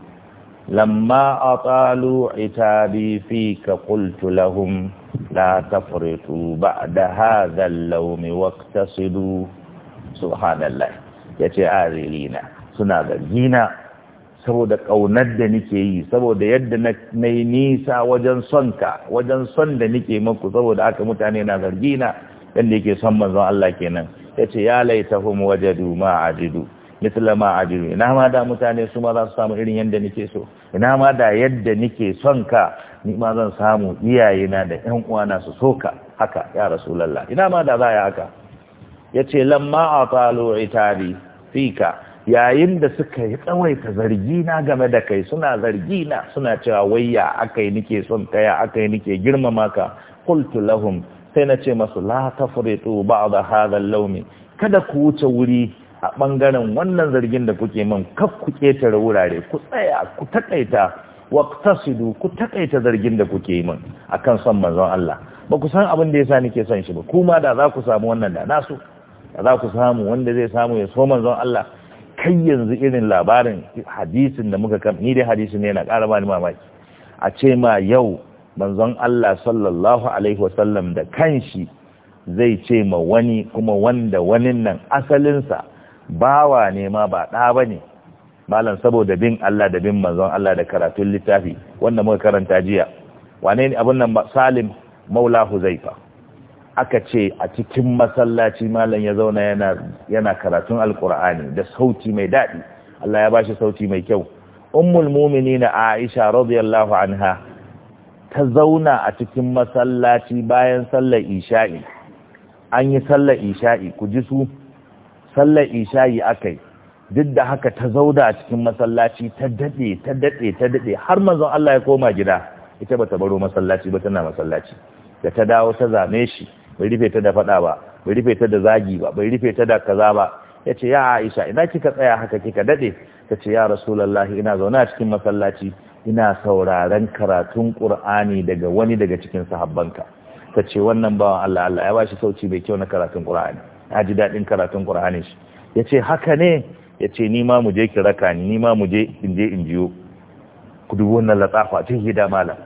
[SPEAKER 1] لما أطالوا عتابي فيك قلت لهم لا تفرطوا بعد هذا اللوم واقتصدوا سبحان الله yace arilina suna zargina saboda ƙaunar da nike yi saboda yadda na yi nisa wajen son ka wajen son da nike muku saboda aka mutane na zargina yadda yake son manzon Allah kenan yace ya laita waje wajadu a jidu misla ma jidu ina ma da mutane su ma za su samu irin yadda nike so ina ma da yadda nike son ka ni ma zan samu iyayena da yan uwana su so ka haka ya rasulullah ina ma da za ya haka yace lamma atalu itabi fika yayin da suka yi zargi na game da kai suna zargi na suna cewa wayya akai nike son kaya akai nike girmama ka qultu lahum sai na ce masu la ba a hadha launi kada ku wuce wuri a bangaren wannan zargin da kuke min kaf ku ketare wurare ku tsaya ku takaita waqtasidu ku takaita zargin da kuke yi min akan son manzon Allah ba ku san abin da ya yasa ke son shi ba kuma da za ku samu wannan da nasu da za ku samu wanda zai samu ya so manzon Allah kai yanzu irin labarin hadisin da muka kam ni dai hadisin ne na ƙara ni mamaki a ce ma yau manzon Allah sallallahu alaihi wasallam da kanshi zai ce ma wani kuma wanda wanin nan asalinsa bawa ne ma ba ɗa ba ne malam saboda bin Allah da bin manzon Allah da karatun littafi wanda muka karanta jiya wane ne abin nan salim maula huzaifa aka ce a cikin masallaci malam ya zauna yana yana karatun alkur'ani da sauti mai daɗi Allah ya bashi sauti mai kyau ummul mu'minina aisha radiyallahu anha ta zauna a cikin masallaci bayan sallar isha'i an yi sallar isha'i ku ji su sallar isha'i aka yi duk da haka ta zauna a cikin masallaci ta daɗe ta daɗe ta daɗe har manzon Allah ya koma gida ita ba ta baro masallaci ba tana masallaci da ta dawo ta zame shi bai rufe ta da faɗa ba bai rufe ta da zagi ba bai rufe ta da kaza ba yace ya Aisha ina kika tsaya haka kika daɗe ta ce ya Rasulallah ina zaune a cikin masallaci ina sauraren karatun ƙur'ani daga wani daga cikin sahabbanka ta ce wannan bawan Allah Allah ya bashi sauci bai kyau na karatun ƙur'ani na ji daɗin karatun ƙur'ani shi ya ce haka ne ya ce ni ma mu je ki raka ni ma mu je in je in jiyo ku dubi wannan latsafa tun hida malam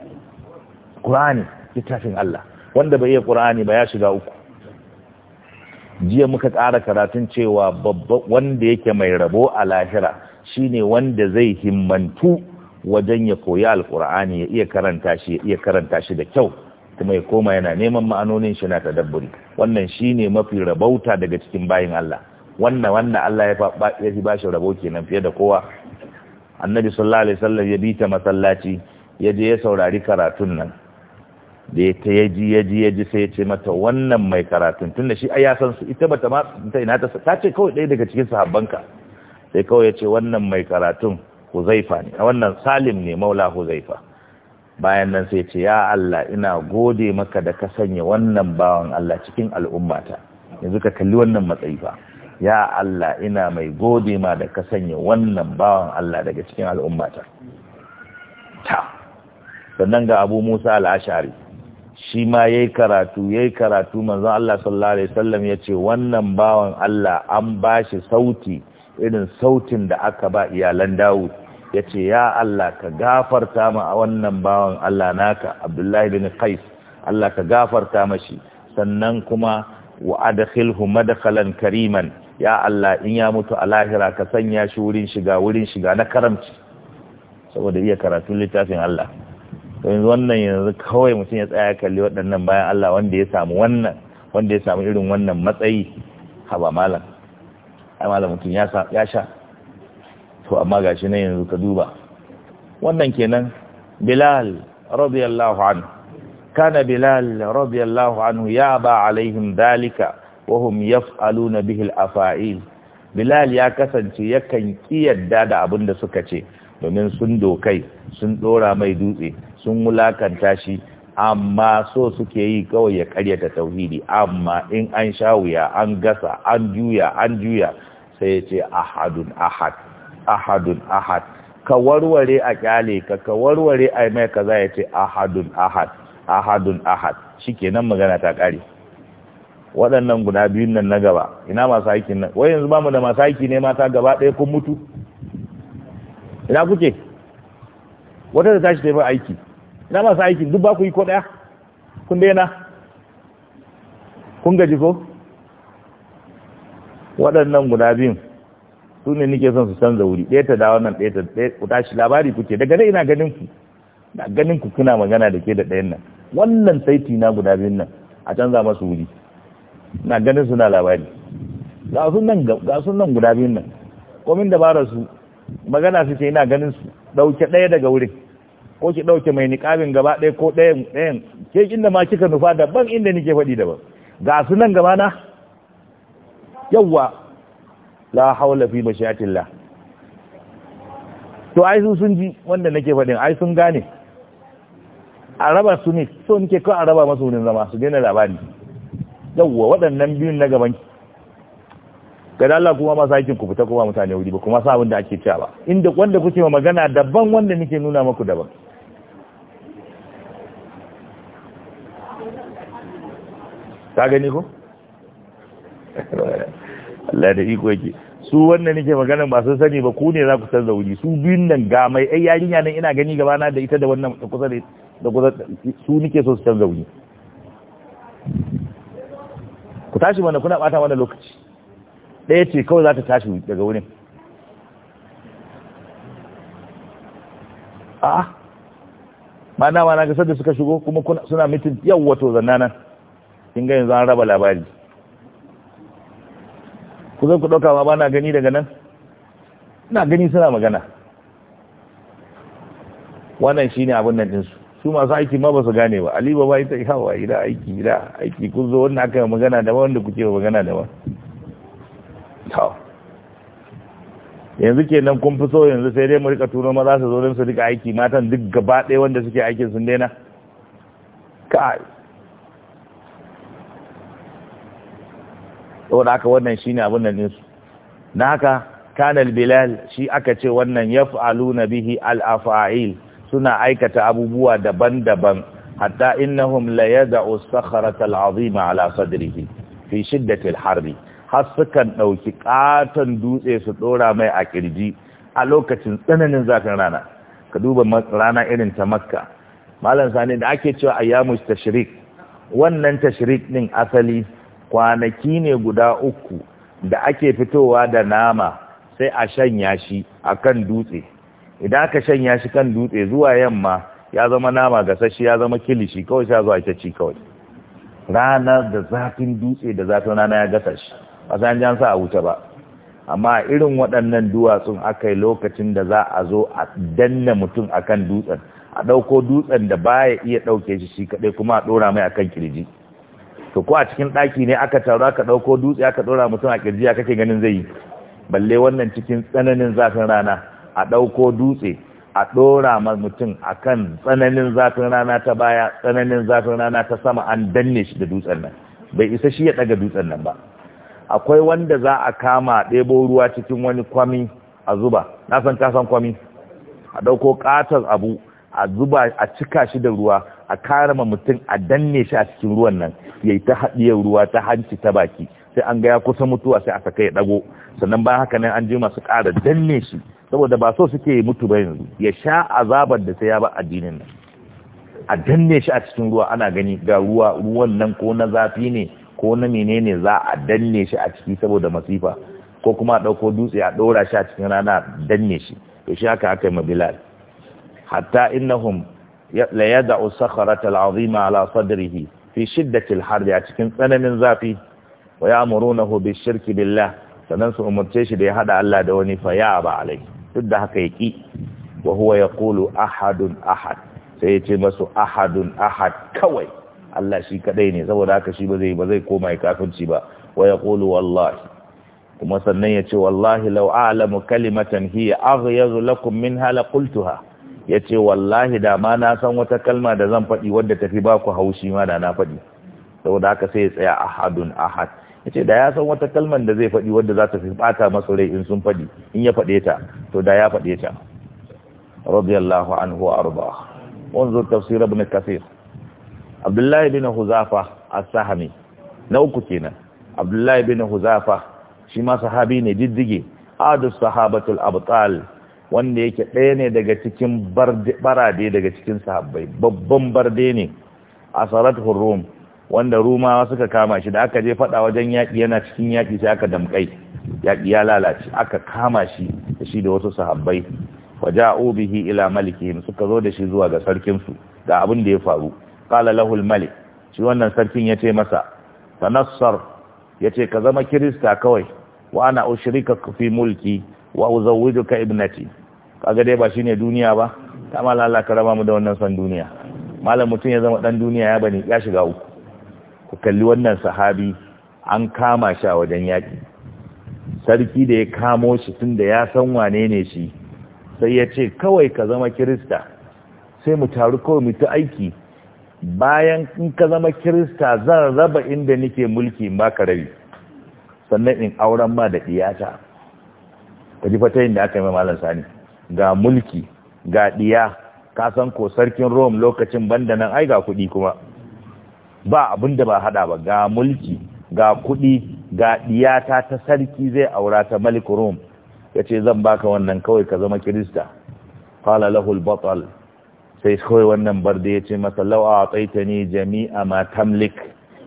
[SPEAKER 1] ƙur'ani littafin Allah wanda bai iya ƙur'ani ba ya shiga uku jiya muka ƙara karatun cewa babba wanda yake mai rabo a lahira shine wanda zai himmantu wajen ya koya alkur'ani ya iya karanta shi ya iya karanta shi da kyau kuma ya koma yana neman ma'anonin shi na tadabburi wannan shine mafi rabauta daga cikin bayin Allah wannan wanda Allah ya fi bashi rabo kenan fiye da kowa annabi sallallahu alaihi wasallam ya bita masallaci ya je ya saurari karatun nan da ya ta ji ya ji sai ya ce mata wannan mai karatun tunda shi ai ya san su ita bata ma ta ina ta ce kawai dai daga cikin sahabbanka sai kawai ya ce wannan mai karatun huzaifa ne a wannan salim ne maula huzaifa bayan nan sai ce ya Allah ina gode maka da ka sanya wannan bawan Allah cikin al'ummata yanzu ka kalli wannan matsayi fa ya Allah ina mai gode ma da ka sanya wannan bawan Allah daga cikin al'ummata ta sannan ga Abu Musa al-Ash'ari shi ma ya yi karatu ya yi karatu manzo Allah sallallahu alaihi wasallam ce wannan bawan Allah an ba shi sauti irin sautin da aka ba iyalan Dawud ya ce ya Allah ka gafarta ma a wannan bawan Allah naka abdullahi bin qais Allah ka gafarta mashi sannan kuma wa adkhilhu madkhalan kariman ya Allah in ya mutu a lahira ka sanya shi wurin shiga wurin shiga na karamci saboda iya karatun littafin Allah to yanzu wannan yanzu kawai mutum ya tsaya kalli waɗannan bayan Allah wanda ya samu wannan wanda ya samu irin wannan matsayi haba malam ai malam mutum ya sha to amma gashi nan yanzu ka duba wannan kenan bilal radiyallahu anhu kana bilal radiyallahu anhu ya ba alaihim dalika wa hum yaf'aluna bihi al-afa'il bilal ya kasance yakan kiyarda da abin da suka ce domin sun dokai sun dora mai dutse sun mulakanta shi amma so suke yi kawai ya ta tauhidi amma in an sha wuya an gasa an juya an juya sai ya ce ahadun ahad ahadun ahad ka warware a kyale ka ka warware a mai za ya ce ahadun ahad ahadun ahad shikenan magana ta kare waɗannan guda biyun nan na gaba ina masu aikin nan wai yanzu bamu da masu aiki ne mata gaba ɗaya kun mutu ina kuke wata da tashi tafi aiki ina masu aiki duk ba ku yi ko ɗaya kun daina kun gaji ko waɗannan guda biyun su ne nike son su canza wuri ɗaya ta dawo nan ɗaya ta ɗaya ku tashi labari kuke daga dai ina ganin ku na ganin ku kuna magana da ke da ɗayan nan wannan saiti na guda biyun nan a canza masu wuri na ganin suna labari ga sun nan ga nan guda biyun nan komin dabarar su magana su ce ina ganin su ɗauke ɗaya daga wurin ko ki ɗauke mai niƙabin gaba ɗaya ko ɗayan ɗayan ke inda ma kika nufa daban inda nike faɗi daban ga su nan gaba na yawwa la haula fi mashiatillah to ai sun ji wanda nake faɗin ai sun gane a raba so nake ko a raba masu wurin zama su daina labari yawa waɗannan biyun na gaban kada Allah kuma masu sakin ku fita kuma mutane wuri ba kuma sa abin da ake cewa ba inda wanda kuke ma magana daban wanda nake nuna maku daban ka gani ko Allah da iko yake su wannan nake magana ba sun sani ba ku ne za ku san wuri su biyun nan ga mai ai yarinya nan ina gani gaba na da ita da wannan da kusa da kusa su nake so su san wuri ku tashi mana kuna bata wannan lokaci Daya ce kawai za ta tashi daga wurin a'a Ba na ma na gasar da suka shigo kuma suna mitin yau wato zanna nan kin ga yanzu an raba labari ku zo ku ɗauka ma ba na gani daga nan ina gani suna magana wannan shi ne abin nan ɗinsu su masu aiki ma ba su gane ba aliba ba ita yawa ila aiki ila aiki kun zo wannan aka yi magana da wanda kuke magana da ba yanzu nan kun fi so yanzu sai dai mu rika ma maza su zo don su rika aiki matan duk gaba ɗaya wanda suke aikin sun daina ka saboda haka wannan shine abin da su na haka kanal bilal shi aka ce wannan na bihi al-afa'il suna aikata abubuwa daban-daban hatta innahum la yad'u as da al-'azima ala sadrihi fi shiddati harbi har sukan ɗauki katon dutse su dora mai a kirji a lokacin tsananin zafin rana ka duba rana irin ta makka malam sani da ake cewa ayyamu tashrik wannan tashrik din asali kwanaki ne guda uku da ake fitowa da nama sai a shanya shi a kan dutse idan aka shanya shi kan dutse zuwa yamma ya zama nama gasashi ya zama kilishi kawai sha zuwa ita kawai rana da zafin dutse da zafin rana ya gasa shi ba san jan sa a wuta ba amma irin waɗannan duwatsun aka yi lokacin da za a zo a danna mutum akan dutsen a ɗauko dutsen da baya iya ɗauke shi shi kaɗai kuma a ɗora mai akan kirji to ko a cikin ɗaki ne aka taru aka ɗauko dutse aka ɗora mutum a kirji ya kake ganin zai yi balle wannan cikin tsananin zafin rana a dauko dutse a ɗora ma mutum akan tsananin zafin rana ta baya tsananin zafin rana ta sama an danne shi da dutsen nan bai isa shi ya ɗaga dutsen nan ba akwai wanda za a kama ɗebo ruwa cikin wani kwami a zuba na san ka san kwami a ɗauko ƙatar abu a zuba a cika shi da ruwa a kare ma mutum a danne shi a cikin ruwan nan yayi ta haɗiyar ruwa ta hanci ta baki sai an gaya ya kusa mutuwa sai a saka ya ɗago sannan bayan haka nan an ji masu ƙara danne shi saboda ba so suke mutu ba yanzu ya sha azabar da sai ya ba addinin nan a danne shi a cikin ruwa ana gani ga ruwa ruwan nan ko na zafi ne ko na menene za a danne shi a ciki saboda masifa ko kuma a ɗauko dutse a ɗora shi a cikin rana danne shi to shi haka aka yi bilal hatta innahum la yada'u sakharata al'azima ala sadrihi fi shiddatil harbi a cikin tsananin zafi wa ya'murunahu bishirki billah sannan su umurce shi da ya hada Allah da wani fa ya ba alai duk da haka yaki wa huwa yaqulu ahadun ahad sai yace masu ahadun ahad kawai Allah shi kadai ne saboda haka shi ba zai ba zai koma kafin kafirci ba wa yaqulu wallahi kuma sannan yace wallahi law a'lamu kalimatan hiya aghyaz lakum minha kultuha. ya ce wallahi da ma na san wata kalma da zan faɗi wadda tafi ba ku haushi ma da na faɗi saboda haka sai ya tsaya ahadun ahad ya ce da ya san wata kalman da zai faɗi wadda za ta fi ɓata masu rai in sun faɗi in ya faɗe ta to da ya faɗe ta radiyallahu anhu arba wanzu tafsir ibn kasir abdullahi bin huzafa as-sahmi na uku kenan abdullahi bin huzafa shi ma sahabi ne diddige adu sahabatul abtal wanda yake ɗaya ne daga cikin barade daga cikin sahabbai babban barde ne a asarat hurum wanda rumawa suka kama shi da aka je faɗa wajen yaƙi yana cikin yaƙi sai aka damƙai yaƙi ya lalace aka kama shi da shi da wasu sahabbai waja'u bihi ila malikihim suka zo da shi zuwa ga sarkin su ga abin da ya faru qala lahu al-malik shi wannan sarkin yace masa tanassar yace ka zama kirista kawai wa ana ushrika fi mulki wa uzawwijuka ibnati kaga dai ba shi ne duniya ba ta mala Allah ka raba mu da wannan san duniya malam mutum ya zama dan duniya ya bani ya shiga uku ku kalli wannan sahabi an kama shi a wajen yaki sarki da ya kamo shi tun da ya san wane ne shi sai ya ce kawai ka zama kirista sai mu taru kawai mu ta aiki bayan in ka zama kirista zan raba inda nake mulki in baka rabi sannan in auren ma da iyata ka ji fatayin da aka yi mai malam sani ga mulki ga diya ka ko sarkin Rome lokacin banda nan ai ga kuɗi kuma ba abin ba hada ba ga mulki ga kuɗi ga diya ta sarki zai aura ta malik Rome yace zan baka wannan kawai ka zama kirista qala lahu al sai kawai wannan barde yace masa law ne jami'a ma tamlik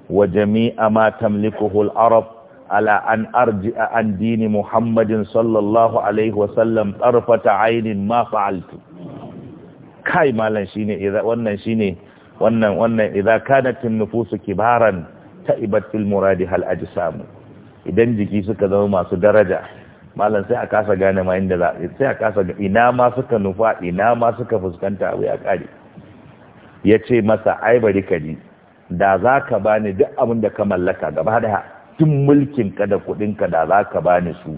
[SPEAKER 1] wa jami'a ma tamlikuhu al-arab ala an arji an dini muhammadin sallallahu alaihi wasallam tarfata ainin ma fa'altu kai malan shine idza wannan shine wannan wannan idza kanat nufusu kibaran ta'ibat muradi hal ajsam idan jiki suka zama masu daraja malan sai a kasa gane ma inda za sai a kasa ina ma suka nufa ina ma suka fuskanta abu ya kare yace masa ai bari ka ji da zaka bani duk abin da ka mallaka gaba daya duk mulkin ka da kuɗin ka da za ka bani su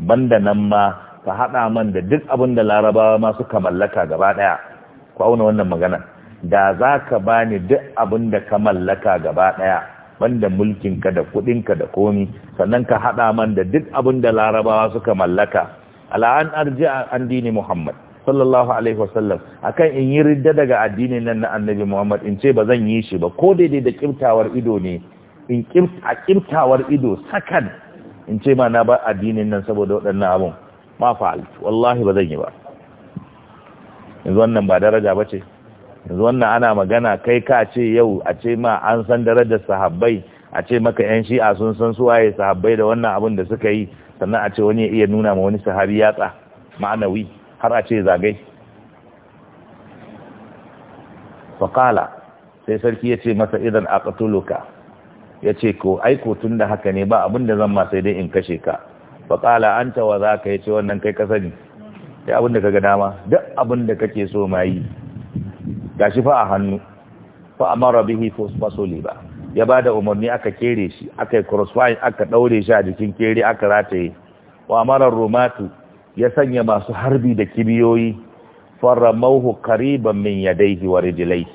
[SPEAKER 1] banda nan ma ka haɗa man da duk abin da larabawa ma suka mallaka gaba ɗaya ku auna wannan magana da za ka bani duk abin da ka mallaka gaba ɗaya banda mulkin ka da kuɗin ka da komi sannan ka haɗa man da duk abin da larabawa suka mallaka ala'an arji an dini muhammad sallallahu alaihi wasallam akan in yi ridda daga addinin nan na annabi muhammad in ce ba zan yi shi ba ko daidai da kimtawar ido ne in a kimtawar ido sakan in ce ma na ba addinin nan saboda waɗannan abun ma fa'al wallahi ba zan yi ba yanzu wannan ba daraja ba ce yanzu wannan ana magana kai ka ce yau a ce ma an san darajar sahabbai a ce maka yan shi'a sun san suwaye sahabbai da wannan abin da suka yi sannan a ce wani ya iya nuna ma wani sahabi yatsa ma'anawi har a ce zagai faƙala sai sarki ya ce masa idan a ƙatuluka ya ce ko aiko tun da haka ne ba abin da zan ma sai dai in kashe ka fa qala anta wa yi yace wannan kai ka sani sai abin da kaga dama duk abin da kake so ma yi gashi fa a hannu fa amara bihi fasuli ba ya bada umarni aka kere shi aka crossfire aka daure shi a jikin kere aka rataye wa amara romatu ya sanya masu harbi da kibiyoyi mauhu kariban min yadaihi wa ce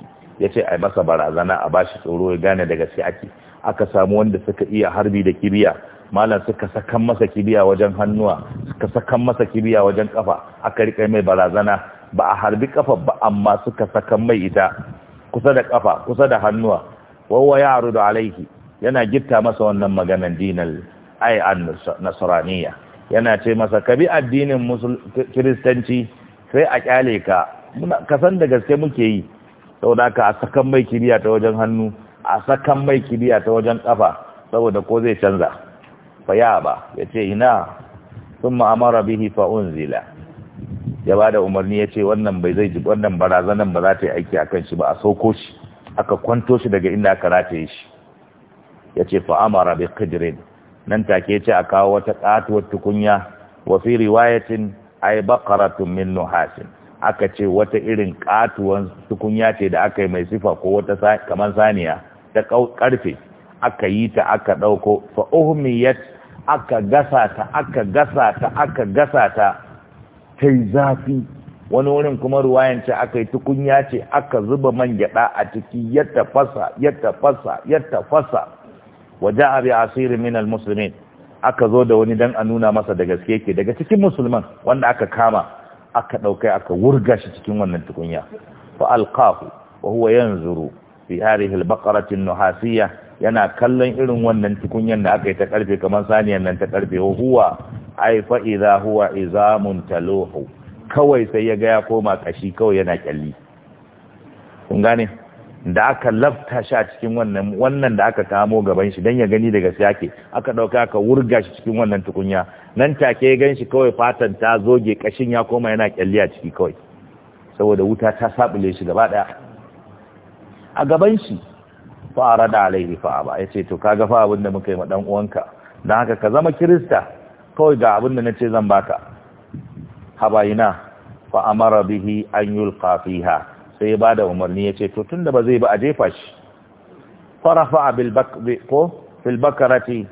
[SPEAKER 1] yace ai masa barazana a bashi tsoro ya gane daga gaske ake aka samu wanda suka iya harbi da kibiya malam suka sakan masa kibiya wajen hannuwa suka sakan masa kibiya wajen kafa aka rika mai barazana ba a harbi kafa ba amma suka sakan mai ita kusa da kafa kusa da hannuwa wawa ya da alaihi yana gitta masa wannan maganan dinar ai an nasraniya yana ce masa ka bi addinin kiristanci sai a kyale ka ka san da gaske muke yi saboda ka a sakan mai kibiya ta wajen hannu a sakan mai kibiya ta wajen kafa saboda ko zai canza fa ya ba ya ce ina sun ma'amara bihi fa unzila ya ba da umarni ya ce wannan bai zai ji wannan barazanan ba za ta yi aiki a kan shi ba a sauko shi aka kwanto shi daga inda aka yi shi ya ce fa amara bi nan take ya ce a kawo wata katuwar tukunya wa fi riwayatin ay baqaratun min nuhasin aka ce wata irin katuwan tukunya ce da aka yi mai sifa ko wata kamar saniya da karfe aka yi ta aka ɗauko fa uhmiyat aka gasa ta aka gasa ta aka gasa ta
[SPEAKER 2] yi zafi
[SPEAKER 1] wani wurin kuma ruwayance aka yi tukunya ce aka zuba man gyada a ciki ya tafasa ya tafasa ya tafasa waje a bi asiri min musulmi aka zo da wani dan a nuna masa da gaske yake daga cikin musulman wanda aka kama aka ɗauka aka wurga shi cikin wannan tukunya fa alqahu wa huwa yanzuru fi harihi albaqaratin nuhasiyya yana kallon irin wannan tukunyan da aka yi ta karfe kamar saniyan nan ta karfe huwa ai fa idza huwa izamun taluhu kawai sai ya ga ya koma kashi kawai yana kyalli kun gane da aka lafta shi a cikin wannan wannan da aka kamo gaban shi dan ya gani daga gaskiya yake aka dauka aka wurga shi cikin wannan tukunya nan take ya gan shi kawai fatan ta zoge kashin ya koma yana kyalli a ciki kawai saboda wuta ta sabule shi gaba daya a gaban shi fara da alaihi fa'aba ya ce to kaga fa abin da muka yi maɗan uwanka don haka ka zama kirista kawai ga abin da na ce zan baka habayina fa amara bihi an yulqa fiha sai ba da umarni ya ce to da ba zai ba a jefa shi farafa bil ko fil bakarati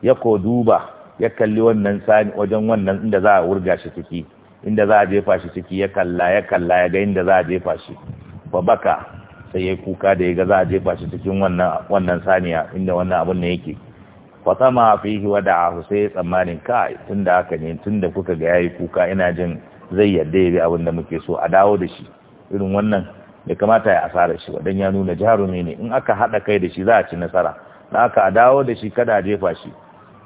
[SPEAKER 1] ya ko duba ya kalli wannan sani wajen wannan inda za a wurga shi ciki inda za a jefa shi ciki ya kalla ya kalla ya ga inda za a jefa shi fa baka sai yayi kuka da yaga za a jefa shi cikin wannan saniya inda wannan abun ne yake fa sama fihi wada'ahu sai tsammanin kai tunda aka ne tunda kuka ga yayi kuka ina jin zai yarda ya bi abin da muke so a dawo da shi irin wannan bai kamata ya asara shi wadan ya nuna jaru ne in aka hada kai da shi za a ci nasara da aka dawo da shi kada a jefa shi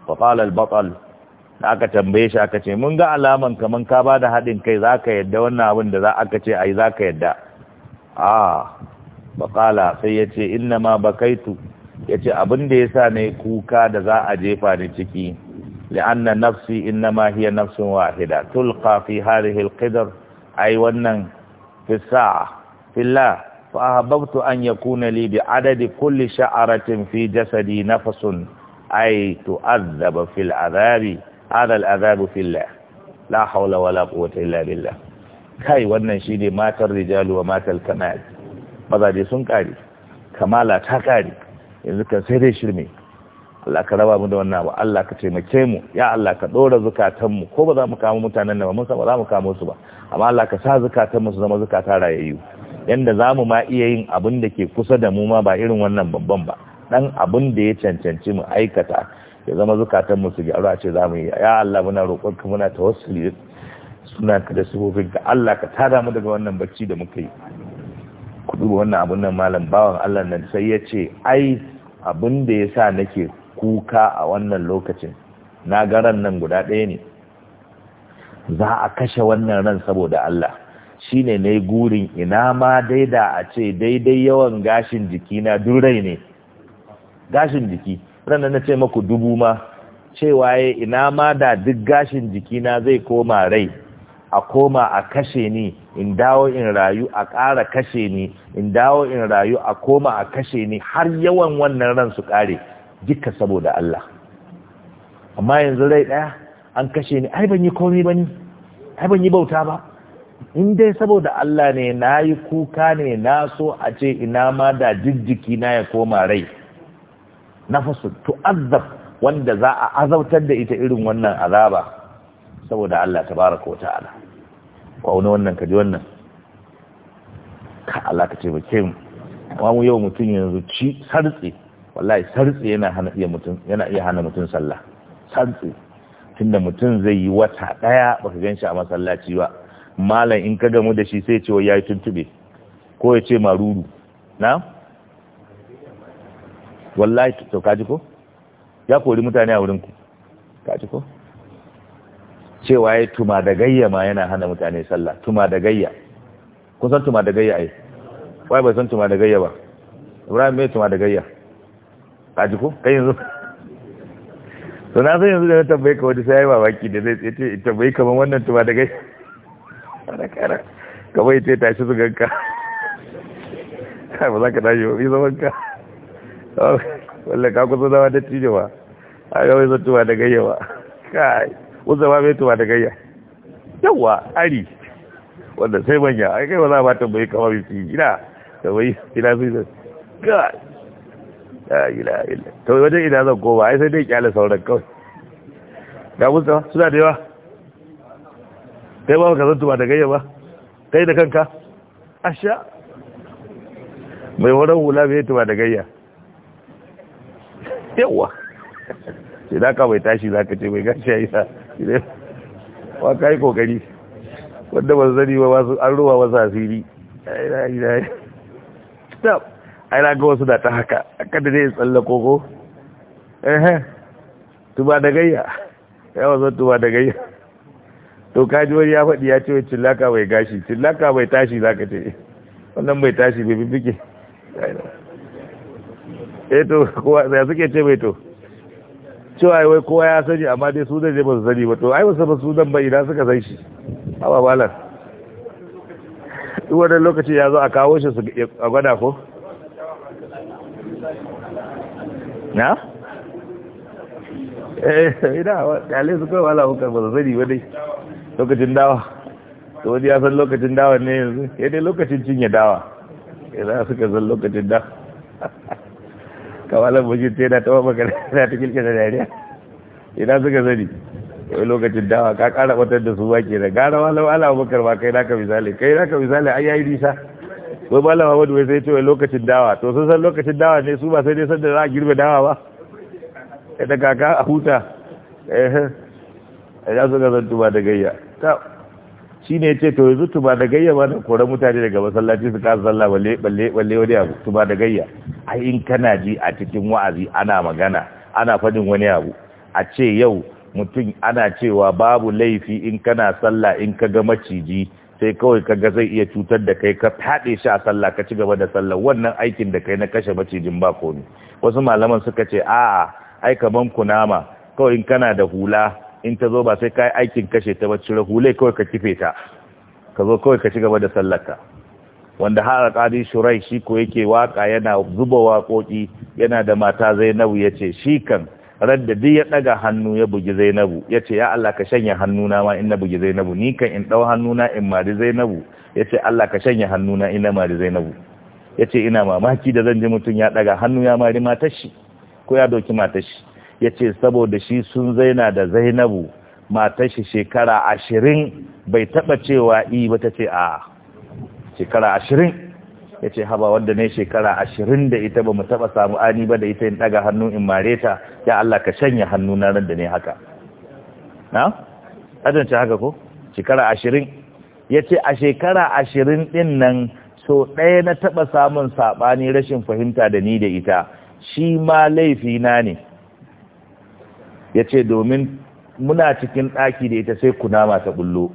[SPEAKER 1] fa qala da aka tambaye shi aka ce mun ga alaman kaman ka ba da haɗin kai za ka yadda wannan abin da za aka ce ai za ka yadda a baƙala sai ya ce inna ma bakaitu ya ce abin da ya sa na kuka da za a jefa ni ciki li'anna nafsi inna ma hiya nafsun wahida tulqa fi hadhihi ai wannan fi sa'a fillah fa an yakuna li bi adadi kulli sha'aratin fi jasadi nafsun ai tu'adhab fil adhabi hadha al fillah la hawla wala quwwata illa billah kai wannan shi ne matar rijalu wa matar kamal mazaje sun kare kamala ta kare yanzu kan sai dai shirme Allah ka raba mu da wannan abu Allah ka taimake mu ya Allah ka dora zukatan mu ko ba za mu kama mutanen nan ba mun san ba za mu kama su ba amma Allah ka sa zukatan mu su zama zukata rayayyu yanda za mu ma iya yin abin da ke kusa da mu ma ba irin wannan babban ba dan abin da ya cancanci mu aikata ya zama zukatan mu su gyaru a ce za mu yi ya Allah muna roƙonka muna tawassuli sunanka da ka Allah ka tada mu daga wannan bacci da muka yi kudu duba wannan abin nan malam bawan Allah nan sai ya ce ai abin da ya sa nake kuka a wannan lokacin na garan nan guda ɗaya ne za a kashe wannan ran saboda Allah shi ne na yi gurin ina ma daida a ce daidai yawan gashin jiki na durai ne gashin jiki ranar na ce maku dubu ma cewa ya ina ma da duk gashin jiki na zai koma rai a koma a kashe ni in dawo in rayu a ƙara kashe ni in dawo in rayu a koma a kashe ni har yawan wannan ran su ƙare duka saboda Allah amma yanzu rai ɗaya an kashe ni ai ban yi komai ba ni ai ban yi bauta ba in dai saboda Allah ne na yi kuka ne na so a ce ina ma da jijjiki na ya koma rai na nafasu tu'azzab wanda za a azautar da ita irin wannan azaba saboda Allah tabaraka wa ta'ala ku auna wannan ka ji wannan ka Allah ka ce ba ke amma mu yau mutum yanzu ci sartsi wallahi sartsi yana hana iya mutum yana iya hana mutum sallah sartsi tunda mutum zai yi wata daya baka gan shi a masallaci ba malam in ka gamu da shi sai ce ya yi tuntube ko ya ce maruru na wallahi to kaji ko ya kori mutane a wurinku kaji ko cewa ya tuma da gayya ma yana hana mutane sallah tuma da gayya kun san tuma da gayya ai wai bai san tuma da gayya ba ibrahim bai tuma da gayya a ji ko kai yanzu to na san yanzu da na tambaye ka wani sai ba baki da zai ce tambaye ka man wannan tuma da gayya ana kara ka bai ce tashi su ganka kai ba za ka tashi wani bi zaman ka wallahi ka kusa zama da tijewa a yawai zan tuma da gayya ba kai wanzan ba bai tuba da gayya yawa ari wanda sai manya a kai ba za a ba tambayi kamar su ina tambayi ina su yi ga la ila ta to wajen ina zan koma ai sai dai kyale sauran kawai ga musa suna da yawa kai ba ka zan tuba da gayya ba kai da kanka asha mai wurin hula bai tuba da gayya yawa sai da ka bai tashi za ka ce mai gashi ya yi sa wa kai kokari wanda ba zani ba wasu an ruwa wasu asiri ai na ga wasu da ta haka akan da zai tsalla koko ehe tuba da gayya yawa zo tuba da gayya to kaji wani ya faɗi ya ce wai cillaka bai gashi cillaka bai tashi zaka ce wannan bai tashi bai bibike eh to kowa sai suke ce bai to cewa wai kowa ya sani amma dai sunan ne ba su sani ba to ai wasu su sunan ba idan suka san shi hawa malar duk wannan lokaci ya zo a kawo shi a gwada ko na? eh ina kale su kawai wala hukar ba su sani ba dai lokacin dawa to wani ya san lokacin dawa ne yanzu ya dai lokacin cinye dawa ya za suka san lokacin dawa kamalan bashir ta yana tawa maka da ta kilke da dariya ina suka sani wai lokacin dawa ka kara batar da su ba ke da gara malam ala abubakar ba kai naka misali kai naka misali an yayi nisa wai malam ahmadu wai sai ce wai lokacin dawa to sun san lokacin dawa ne su ba sai dai san da za a girbe dawa ba da kaka a huta eh ya suka zan tuba da gayya Shi ne ce to yanzu tuba da gayya ba da koran mutane daga masallaci su kasa sallah balle balle balle wani abu tuba da gayya ai in kana ji a cikin wa'azi ana magana ana fadin wani abu a ce yau mutum ana cewa babu laifi in kana sallah in ka ga maciji sai kawai kaga zai iya cutar da kai ka fade shi a sallah ka ci gaba da sallah wannan aikin da kai na kashe macijin ba komi wasu malaman suka ce a'a ai kaman kunama kawai in kana da hula in ta zo ba sai ka aikin kashe ta ba cire hulai kawai ka kife ta ka zo kawai ka ci gaba da sallarka wanda har alƙadi shurai shi ko yake waka yana zuba waƙoƙi yana da mata zainabu ya ce shi kan radda duk ya ɗaga hannu ya bugi zainabu ya ce ya Allah ka shanya hannuna ma in bugi zainabu ni kan in ɗau hannuna in mari zainabu ya ce Allah ka shanya hannuna in na mari zainabu ya ce ina mamaki da zan ji mutum ya ɗaga hannu ya mari matar shi ko ya doki matar shi ya ce saboda shi sun zaina da zainabu matar shi shekara ashirin bai taɓa cewa i ba ta ce a shekara ashirin ya ce haba wadda ne shekara ashirin da ita ba mu taɓa samu ani ba da ita in ɗaga hannu in mare ta ya Allah ka shanya hannu na randa da ne haka na? adance haka ko? shekara ashirin ya ce a shekara ashirin din nan so ɗaya na taɓa samun saɓani rashin fahimta da ni da ita shi ma laifina ne ya ce domin muna cikin ɗaki da ita sai kunama ta bullo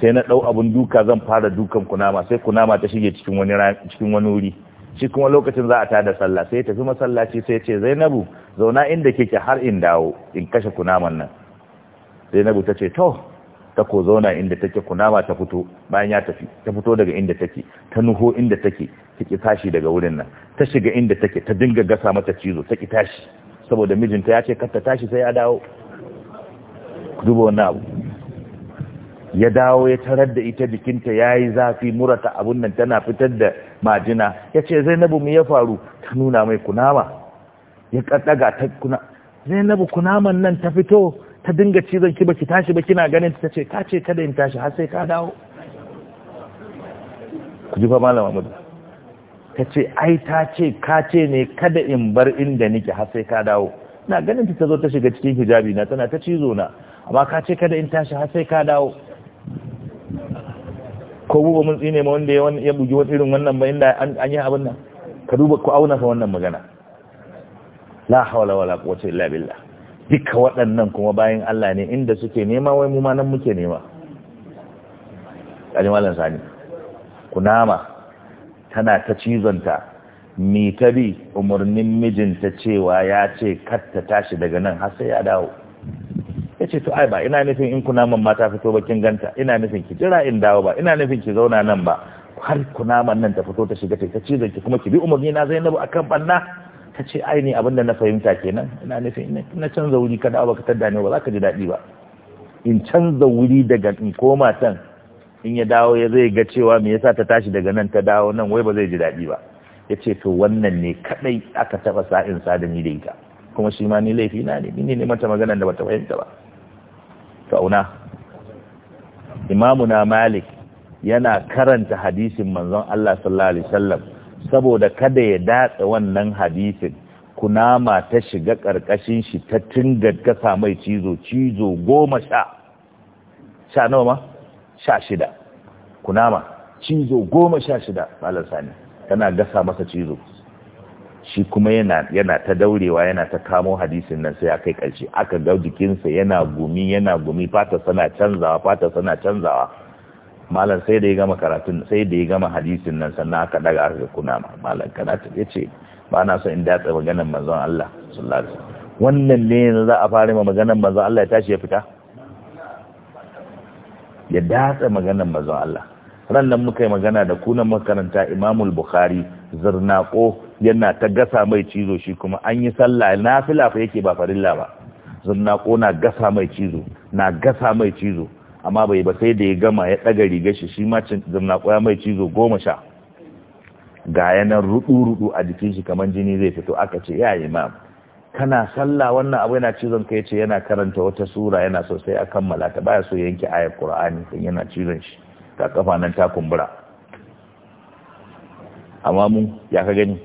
[SPEAKER 1] sai na ɗau abin duka zan fara dukan kunama sai kunama ta shige cikin wani cikin wani wuri shi kuma lokacin za a tada sallah sai tafi masallaci sai ya ce Zainabu zauna inda kike har in dawo in kashe kunaman nan Zainabu ta ce to ta ko zauna inda take kunama ta fito bayan ya tafi ta fito daga inda take ta nuho inda take ta ki tashi daga wurin nan ta shiga inda take ta dinga gasa mata cizo ta ki tashi saboda mijinta ya ce katta tashi sai ya dawo duba wani abu ya dawo ya tarar da ita jikinta ya yi zafi murata abun nan tana fitar da majina ya ce zainabu mu ya faru ta nuna mai kunama ya kaddaga ta kuna zainabu kunaman nan ta fito ta dinga cizon ki baki tashi ba kina ganin ta ce ka ce kada in tashi har sai ka dawo ku ji fa malama mudu ta ce ai ta ce ka ce ne kada in bar inda nake har sai ka dawo na ganin ta zo ta shiga cikin hijabi na tana ta cizo na amma ka ce kada in tashi har sai ka dawo ko mu mun tsine ma wanda ya bugi wani irin wannan ba inda an yi abin nan ka duba ku auna fa wannan magana la hawla wala quwwata illa billah duka waɗannan kuma bayan Allah ne inda suke nema wai mu ma nan muke nema kaji malam sani kunama tana ta cizonta mi ta bi umarnin mijinta cewa ya ce kar ta tashi daga nan har sai ya dawo ya ce to ai ba ina nufin in kunaman mata mata fito bakin ganta ina nufin ki jira in dawo ba ina nufin ki zauna nan ba har kunaman nan ta fito ta shiga ta cizon ki kuma ki bi umarni na zainabu akan banna ta ce ai ne abin da na fahimta kenan ina nufin na canza wuri kada ba ka tada ne ba za ka ji daɗi ba in canza wuri daga in koma can in ya dawo ya zai ga cewa me yasa ta tashi daga nan ta dawo nan wai ba zai ji daɗi ba ya ce to wannan ne kaɗai aka taɓa sa'in sadani da ita kuma shi ma ni laifi na ne ni ne mata maganar da bata fahimta ba kauna imamuna malik yana karanta hadisin manzon Allah sallallahu alaihi wasallam saboda kada ya datsa wannan hadisin kunama ta shiga karkashin shi ta ka mai cizo cizo goma sha sha nawa ma sha shida kunama cizo goma sha shida malar sani tana gasa masa cizo shi kuma yana yana ta daurewa yana ta kamo hadisin nan sai aka yi ƙarshe aka ga jikinsa yana gumi yana gumi fata sana canzawa fata sana canzawa malam sai da ya gama karatun sai da ya gama hadisin nan sannan aka daga aka kunama malam karatu ya ce ba na so in datsa maganar manzon Allah sallallahu alaihi wasallam wannan ne za a fara ma maganar manzon Allah ya tashi ya fita ya datsa maganar mazan Allah ran nan muka yi magana da kunan makaranta imamul bukhari zirnaƙo yana ta gasa mai cizo shi kuma an yi sallah na filafa yake ba farilla ba zirnako na gasa mai cizo na gasa mai cizo amma bai ba sai da ya gama ya ɗaga riga shi shi ma zirnako ya mai cizo goma sha ga yanar rudu-rudu a jikin shi kamar jini zai fito aka ce ya imam kana sallah wannan abu yana cizon kai ce yana karanta wata sura yana so sai a kammala ta baya so yanke ayat qur'ani kan yana cizon shi ta kafa nan ta kumbura amma mu ya ka gani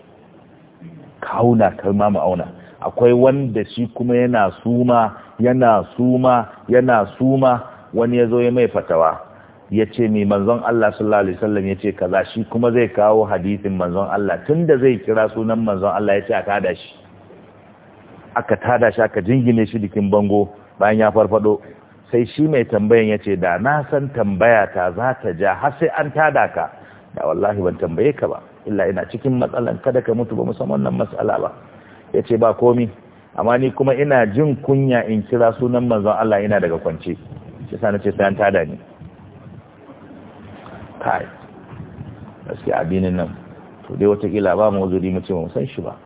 [SPEAKER 1] kauna kai ma mu auna akwai wanda shi kuma yana suma yana suma yana suma wani ya zo ya mai fatawa ya ce mai manzon Allah sallallahu alaihi wasallam ya ce kaza shi kuma zai kawo hadisin manzon Allah tunda zai kira sunan manzon Allah ya ce a kada shi aka tada shi aka jingine shi jikin bango bayan ya farfado sai shi mai tambayan yace da na san tambaya ta za ta ja har sai an tada ka da wallahi ban tambaye ka ba illa ina cikin matsalan kada ka mutu ba musamman nan matsala ba Yace ba komi amma ni kuma ina jin kunya in kira sunan manzon Allah ina daga kwance shi sa na sai an tada ni kai gaskiya abinin nan to dai kila ba mu zuri mu ce mu san shi ba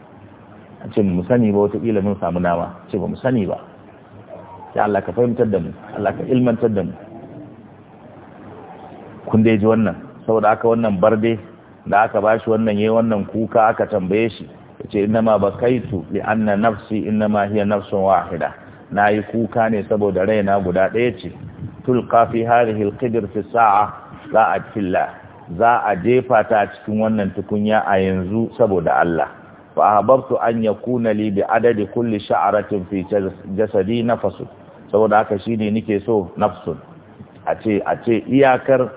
[SPEAKER 1] a ce mu sani ba wataƙila mun samu nama ce ba mu sani ba ya Allah ka fahimtar da mu Allah ka ilmantar da mu kun dai ji wannan saboda aka wannan barde da aka bashi wannan yayin wannan kuka aka tambaye shi yace ma bakaitu li anna nafsi ma hiya nafsun wahida nayi kuka ne saboda raina guda ɗaya ce tulqa fi hadhihi alqidr fi sa'a za a za a jefa ta cikin wannan tukunya a yanzu saboda Allah فأحببت أن يكون لي adadi kulli شعرة في جسدي نفس saboda haka shine nike so nafsu a ce a ce iyakar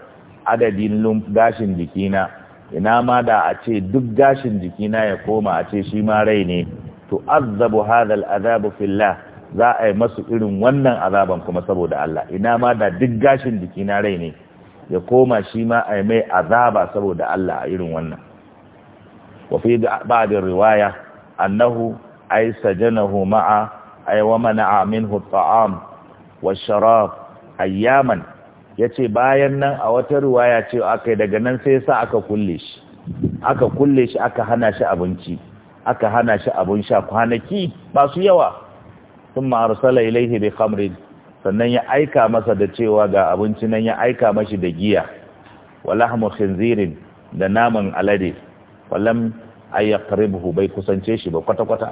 [SPEAKER 1] adadin gashin jikina ina ma da a ce duk gashin jikina ya koma a ce shi ma rai ne to azabu hadal azabu fillah za a yi masu irin wannan azaban kuma saboda Allah ina ma da duk gashin jikina rai ne ya koma shi ma a yi mai azaba saboda Allah a irin wannan wa fi ba'd riwaya annahu ay sajanahu ma'a ay wa mana'a minhu at'am washarab ayyaman yace bayan nan a wata riwaya ce akai daga nan sai sa aka kulle shi aka kulle shi aka hana shi abinci aka hana shi abun sha kwanaki masu yawa sun ma'arsala ilaihi bi khamrin sannan ya aika masa da cewa ga abinci nan ya aika mashi da giya wa lahmu khinzirin da naman alade falam ay buhu bai kusance shi ba kwata kwata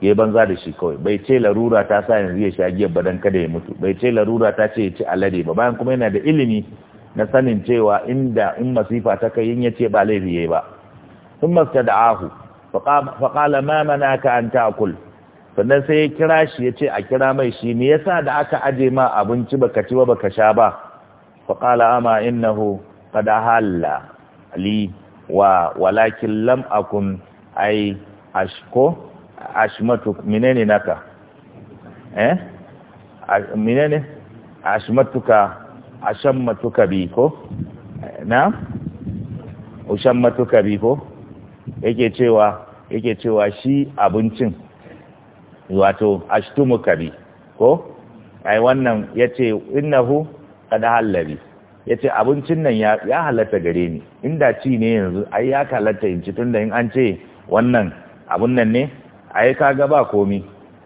[SPEAKER 1] ya banza da shi kawai bai ce larura ta sa yanzu ya sha giyar badan kada ya mutu bai ce larura ta ce ya ci alade ba bayan kuma yana da ilimi na sanin cewa inda in masifa ta kai in ya ce ba laifi yi ba sun da ahu faƙala ma ka an ta'kul sannan sai ya kira shi ya ce a kira mai shi me yasa da aka aje ma abinci baka ci ba baka sha ba faƙala ama innahu qad halla li wa walakin lam akun ai ashko ashmatu minene naka eh menene ashmatuka ashammatuka bi ko na ushammatuka bi ko yake cewa yake cewa shi abincin wato ashtumuka bi ko ai wannan yace innahu qad halabi ya ce abincin nan ya halatta gare ni inda ci ne yanzu ai ya halatta in ci tun da in an ce wannan abun nan ne ai ka ga ba komi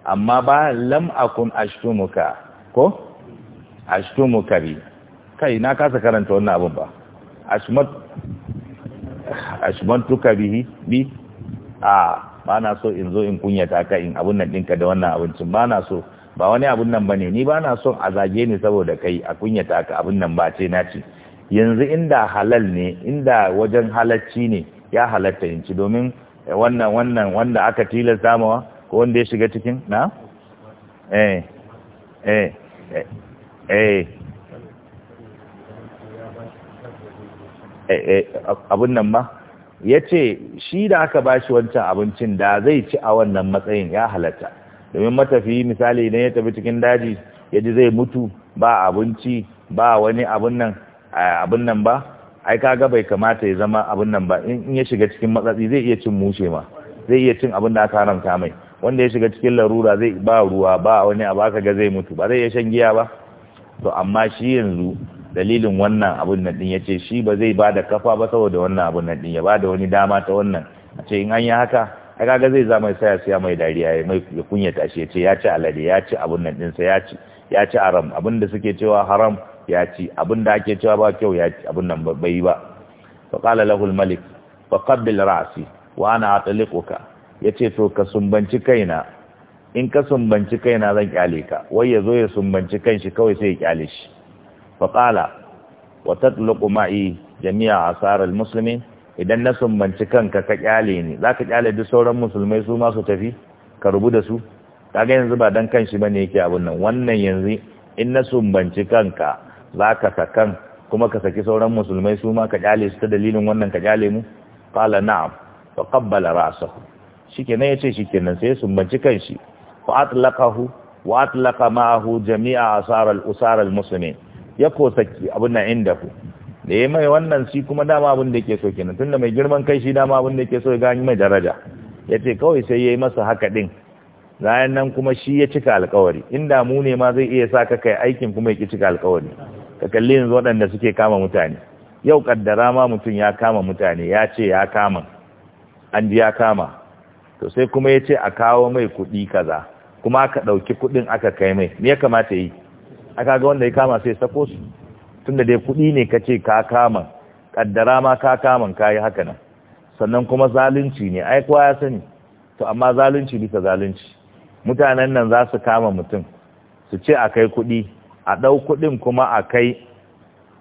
[SPEAKER 1] amma ba lam akun ashtumuka ko ashtumuka bi kai na kasa karanta wannan abun ba ashmat ashmantuka bihi bi a ba na so in zo in kunyata ka in abun nan ɗinka da wannan abincin ba na so ba wani abun nan bane ni ba na son a zage ni saboda kai a kunyata ka abun nan ba ce na ce yanzu inda halal ne inda wajen halacci ne ya halatta in ci domin wannan wannan wanda aka tilasta mawa ko wanda ya shiga cikin na eh eh eh, eh. eh, eh abun nan ba ya ce shi da aka bashi wancan abincin da zai ci a wannan matsayin ya halatta domin matafiyi misali idan ya tafi cikin daji ya ji zai mutu ba abinci ba wani abun nan ba ai kaga bai kamata ya zama abun nan ba in ya shiga cikin matsatsi zai iya cin mushe ma zai iya cin abin da aka haramta mai wanda ya shiga cikin larura zai ba ruwa ba wani abu aka ga zai mutu ba zai iya shan giya ba to amma shi yanzu dalilin wannan abun nan din yace shi ba zai ba da kafa ba saboda wannan abun nan din ya ba da wani dama ta wannan a ce in an yi haka a kaga zai zama sai ya mai dariya ya mai ya kunyata shi ya ce ya ci alade ya ci abun nan dinsa ya ci ya ci haram abin da suke cewa haram ya ci abin da ake cewa ba kyau ya ci abun nan bai ba fa qala lahu al malik fa qabbil ra'si wa ana atliquka yace to ka sumbanci kaina in ka sumbanci kaina zan kyale ka wai yazo ya sumbanci kanshi kawai sai ya kyale shi fa qala wa tatluqu ma'i jami'a asar al muslimin idan na sumbanci kanka ka kyale ni za ka kyale duk sauran musulmai su ma su tafi ka rubu da su kaga yanzu ba dan kanshi bane yake abin nan wannan yanzu in na sumbanci kanka za ka sakan kuma ka saki sauran musulmai su ma ka kyale su ta dalilin wannan ka kyale mu Fala na'am fa qabbala ra'sahu shikenan yace shikenan sai ya sumbanci kanshi fa atlaqahu wa atlaqa ma'ahu jami'a asar al-usar al-muslimin ya ko saki abun nan inda ku da eh, ya mai wannan shi kuma dama abin da yake so kenan tunda mai girman kai shi dama abin da ke so ya gani mai daraja ya ce kawai sai ya yi masa haka ɗin zayen nan kuma shi ya cika alkawari inda mu ne ma zai iya sa ka kai aikin kuma ya cika alkawari ka kalli yanzu waɗanda suke kama mutane yau kaddara ma mutum ya kama mutane ya ce ya kama an ji ya kama to sai kuma ya ce a kawo mai kuɗi kaza kuma aka ɗauki kuɗin aka kai mai me ya kamata yi aka ga wanda ya kama sai sako su tunda dai kuɗi ne ka ce ka kama kaddara ma ka kama ka yi haka nan sannan kuma zalunci ne ai kowa ya sani to amma zalunci bisa zalunci mutanen nan za su kama mutum su ce a kai kuɗi a ɗau kuɗin kuma a kai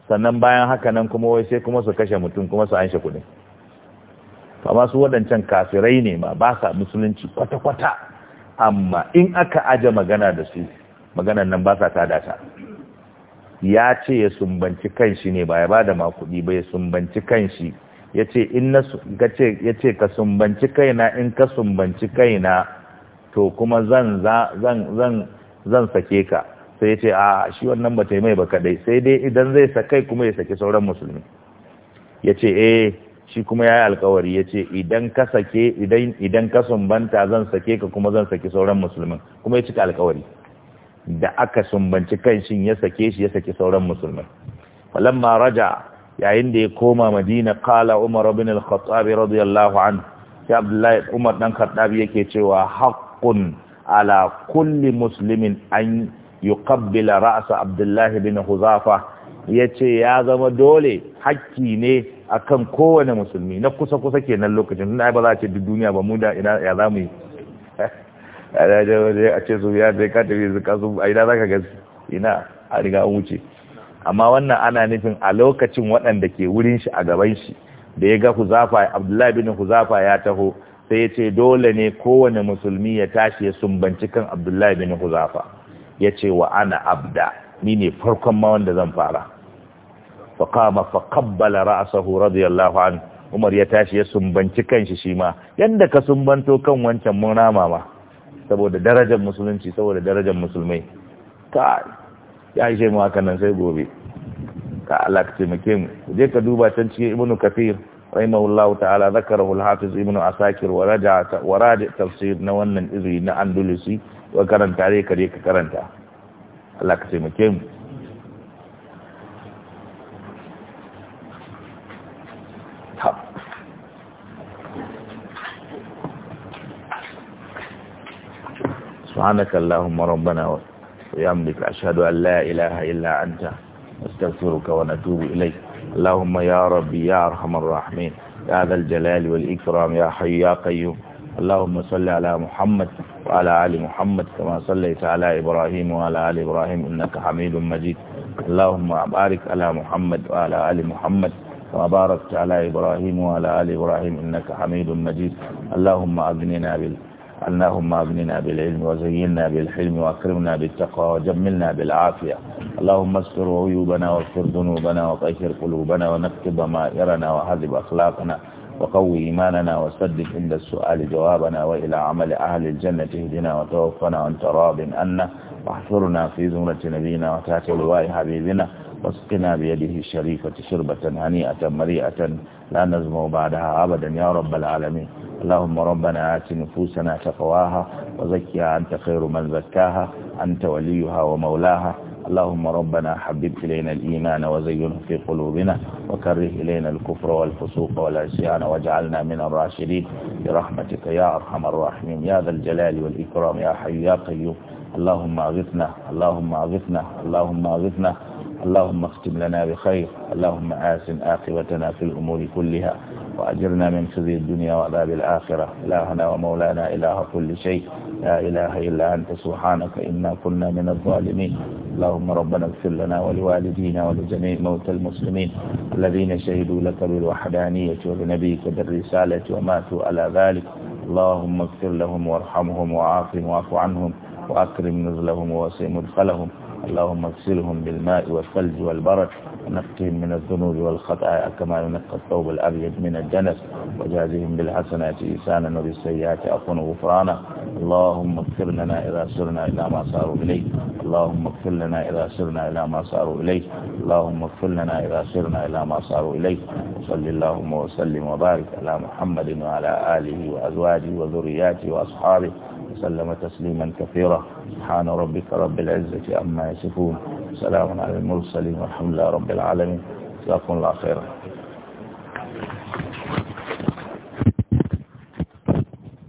[SPEAKER 1] sannan bayan haka nan kuma wai sai kuma su kashe mutum kuma su kuɗi kuɗin amma su waɗancan kafirai ne ma ba sa musulunci kwata-kwata amma in aka aje magana da su maganan nan ba sa tada ta ya ce ya sumbanci kanshi ne ba ya ba da makudi ba ya sumbanci kanshi ya ce ka sumbanci kaina in ka sumbanci kaina to kuma zan zan sake ka sai ya ce a shi wannan ba mai ba kadai sai dai idan zai sakai kuma ya sake sauran musulmi ya ce eh shi kuma ya yi alkawari ya ce idan ka sumbanta zan sake ka kuma zan sake sauran musulmin kuma ya cika alkawari da aka sumbanci kan shin ya sake shi ya saki sauran musulmai falamma raja yayin da ya koma madina qala umar ibn al-khattab radiyallahu anhu ya abdullahi umar dan khattab yake cewa haqqun ala kulli muslimin an yuqabbila ra'sa abdullahi bin huzafa yace ya zama dole hakki ne akan kowane musulmi na kusa kusa kenan lokacin Ina ba za a ce duk duniya ba mu da ina ya mu yi a daji waje a ce su ya zai ka su a za ka gasi ina a riga an wuce amma wannan ana nufin a lokacin waɗanda ke wurin shi a gaban shi da ya ga huzafa abdullahi bin huzafa ya taho sai ya ce dole ne kowane musulmi ya tashi ya sumbanci kan abdullahi bin huzafa ya ce wa ana abda ni ne farkon ma wanda zan fara faƙama faƙabbala ra'asahu radiyallahu anhu umar ya tashi ya sumbanci kanshi shi ma yadda ka sumbanto kan wancan mun rama ma saboda darajar musulunci saboda darajar musulmai ka ya ishe mu haka nan sai gobe ka Allah taimake mu je ka duba can cikin ibnu kafir rahimahullahu ta'ala zakarahu al-hafiz ibnu asakir wa raja wa raja tafsir na wannan izri na andalusi wa karanta dai ka ka karanta Allah ka taimake mu سبحانك اللهم ربنا ويملك أشهد أن لا إله إلا أنت نستغفرك ونتوب إليك اللهم يا ربي يا أرحم الراحمين يا ذا الجلال والإكرام يا حي يا قيوم اللهم صل على محمد وعلى آل محمد كما صليت على إبراهيم وعلى آل إبراهيم إنك حميد مجيد اللهم بارك على محمد وعلى آل محمد كما باركت على إبراهيم وعلى آل إبراهيم إنك حميد مجيد اللهم أغننا بالله اللهم أغننا بالعلم وزينا بالحلم وأكرمنا بالتقوى وجملنا بالعافية اللهم استر عيوبنا واغفر ذنوبنا وطهر قلوبنا ونكتب ضمائرنا وهذب أخلاقنا وقوي إيماننا وسدد عند السؤال جوابنا وإلى عمل أهل الجنة اهدنا وتوفنا وانت راض عنا واحفرنا في زمرة نبينا وتاتي لواء حبيبنا واسقنا بيده الشريفة شربة هنيئة مريئة لا نزمع بعدها أبدا يا رب العالمين اللهم ربنا آت نفوسنا تقواها وزكها أنت خير من زكاها أنت وليها ومولاها اللهم ربنا حبب إلينا الإيمان وزينه في قلوبنا وكره إلينا الكفر والفسوق والعصيان واجعلنا من الراشدين برحمتك يا أرحم الراحمين يا ذا الجلال والإكرام يا حي يا قيوم اللهم أغثنا اللهم أغثنا اللهم أغثنا اللهم اختم لنا بخير اللهم آسن آخرتنا في الأمور كلها وأجرنا من خزي الدنيا وعذاب الآخرة إلهنا ومولانا إله كل شيء لا إله إلا أنت سبحانك إنا كنا من الظالمين اللهم ربنا اغفر لنا ولوالدينا ولجميع موتى المسلمين الذين شهدوا لك بالوحدانية وبنبيك بالرسالة وماتوا على ذلك اللهم اغفر لهم وارحمهم وعافهم واعف عنهم وأكرم نزلهم ووسع مدخلهم اللهم اغسلهم بالماء والثلج والبرد ونقهم من الذنوب والخطايا كما ينقى الثوب الأبيض من الدنس وجازهم بالحسنات إنسانا وبالسيئات عفوا غفرانا اللهم اغفر لنا إذا سرنا إلى ما صاروا إليه اللهم اغفر لنا إذا سرنا إلى ما صاروا إليه اللهم اغفر لنا إذا سرنا إلى ما صاروا إليه وصل اللهم وسلم وبارك على محمد وعلى آله وأزواجه وذرياته وأصحابه وسلم تسليما كثيرا سبحان ربك رب العزة عما يصفون سلام على المرسلين والحمد لله رب العالمين جزاكم الله خيرا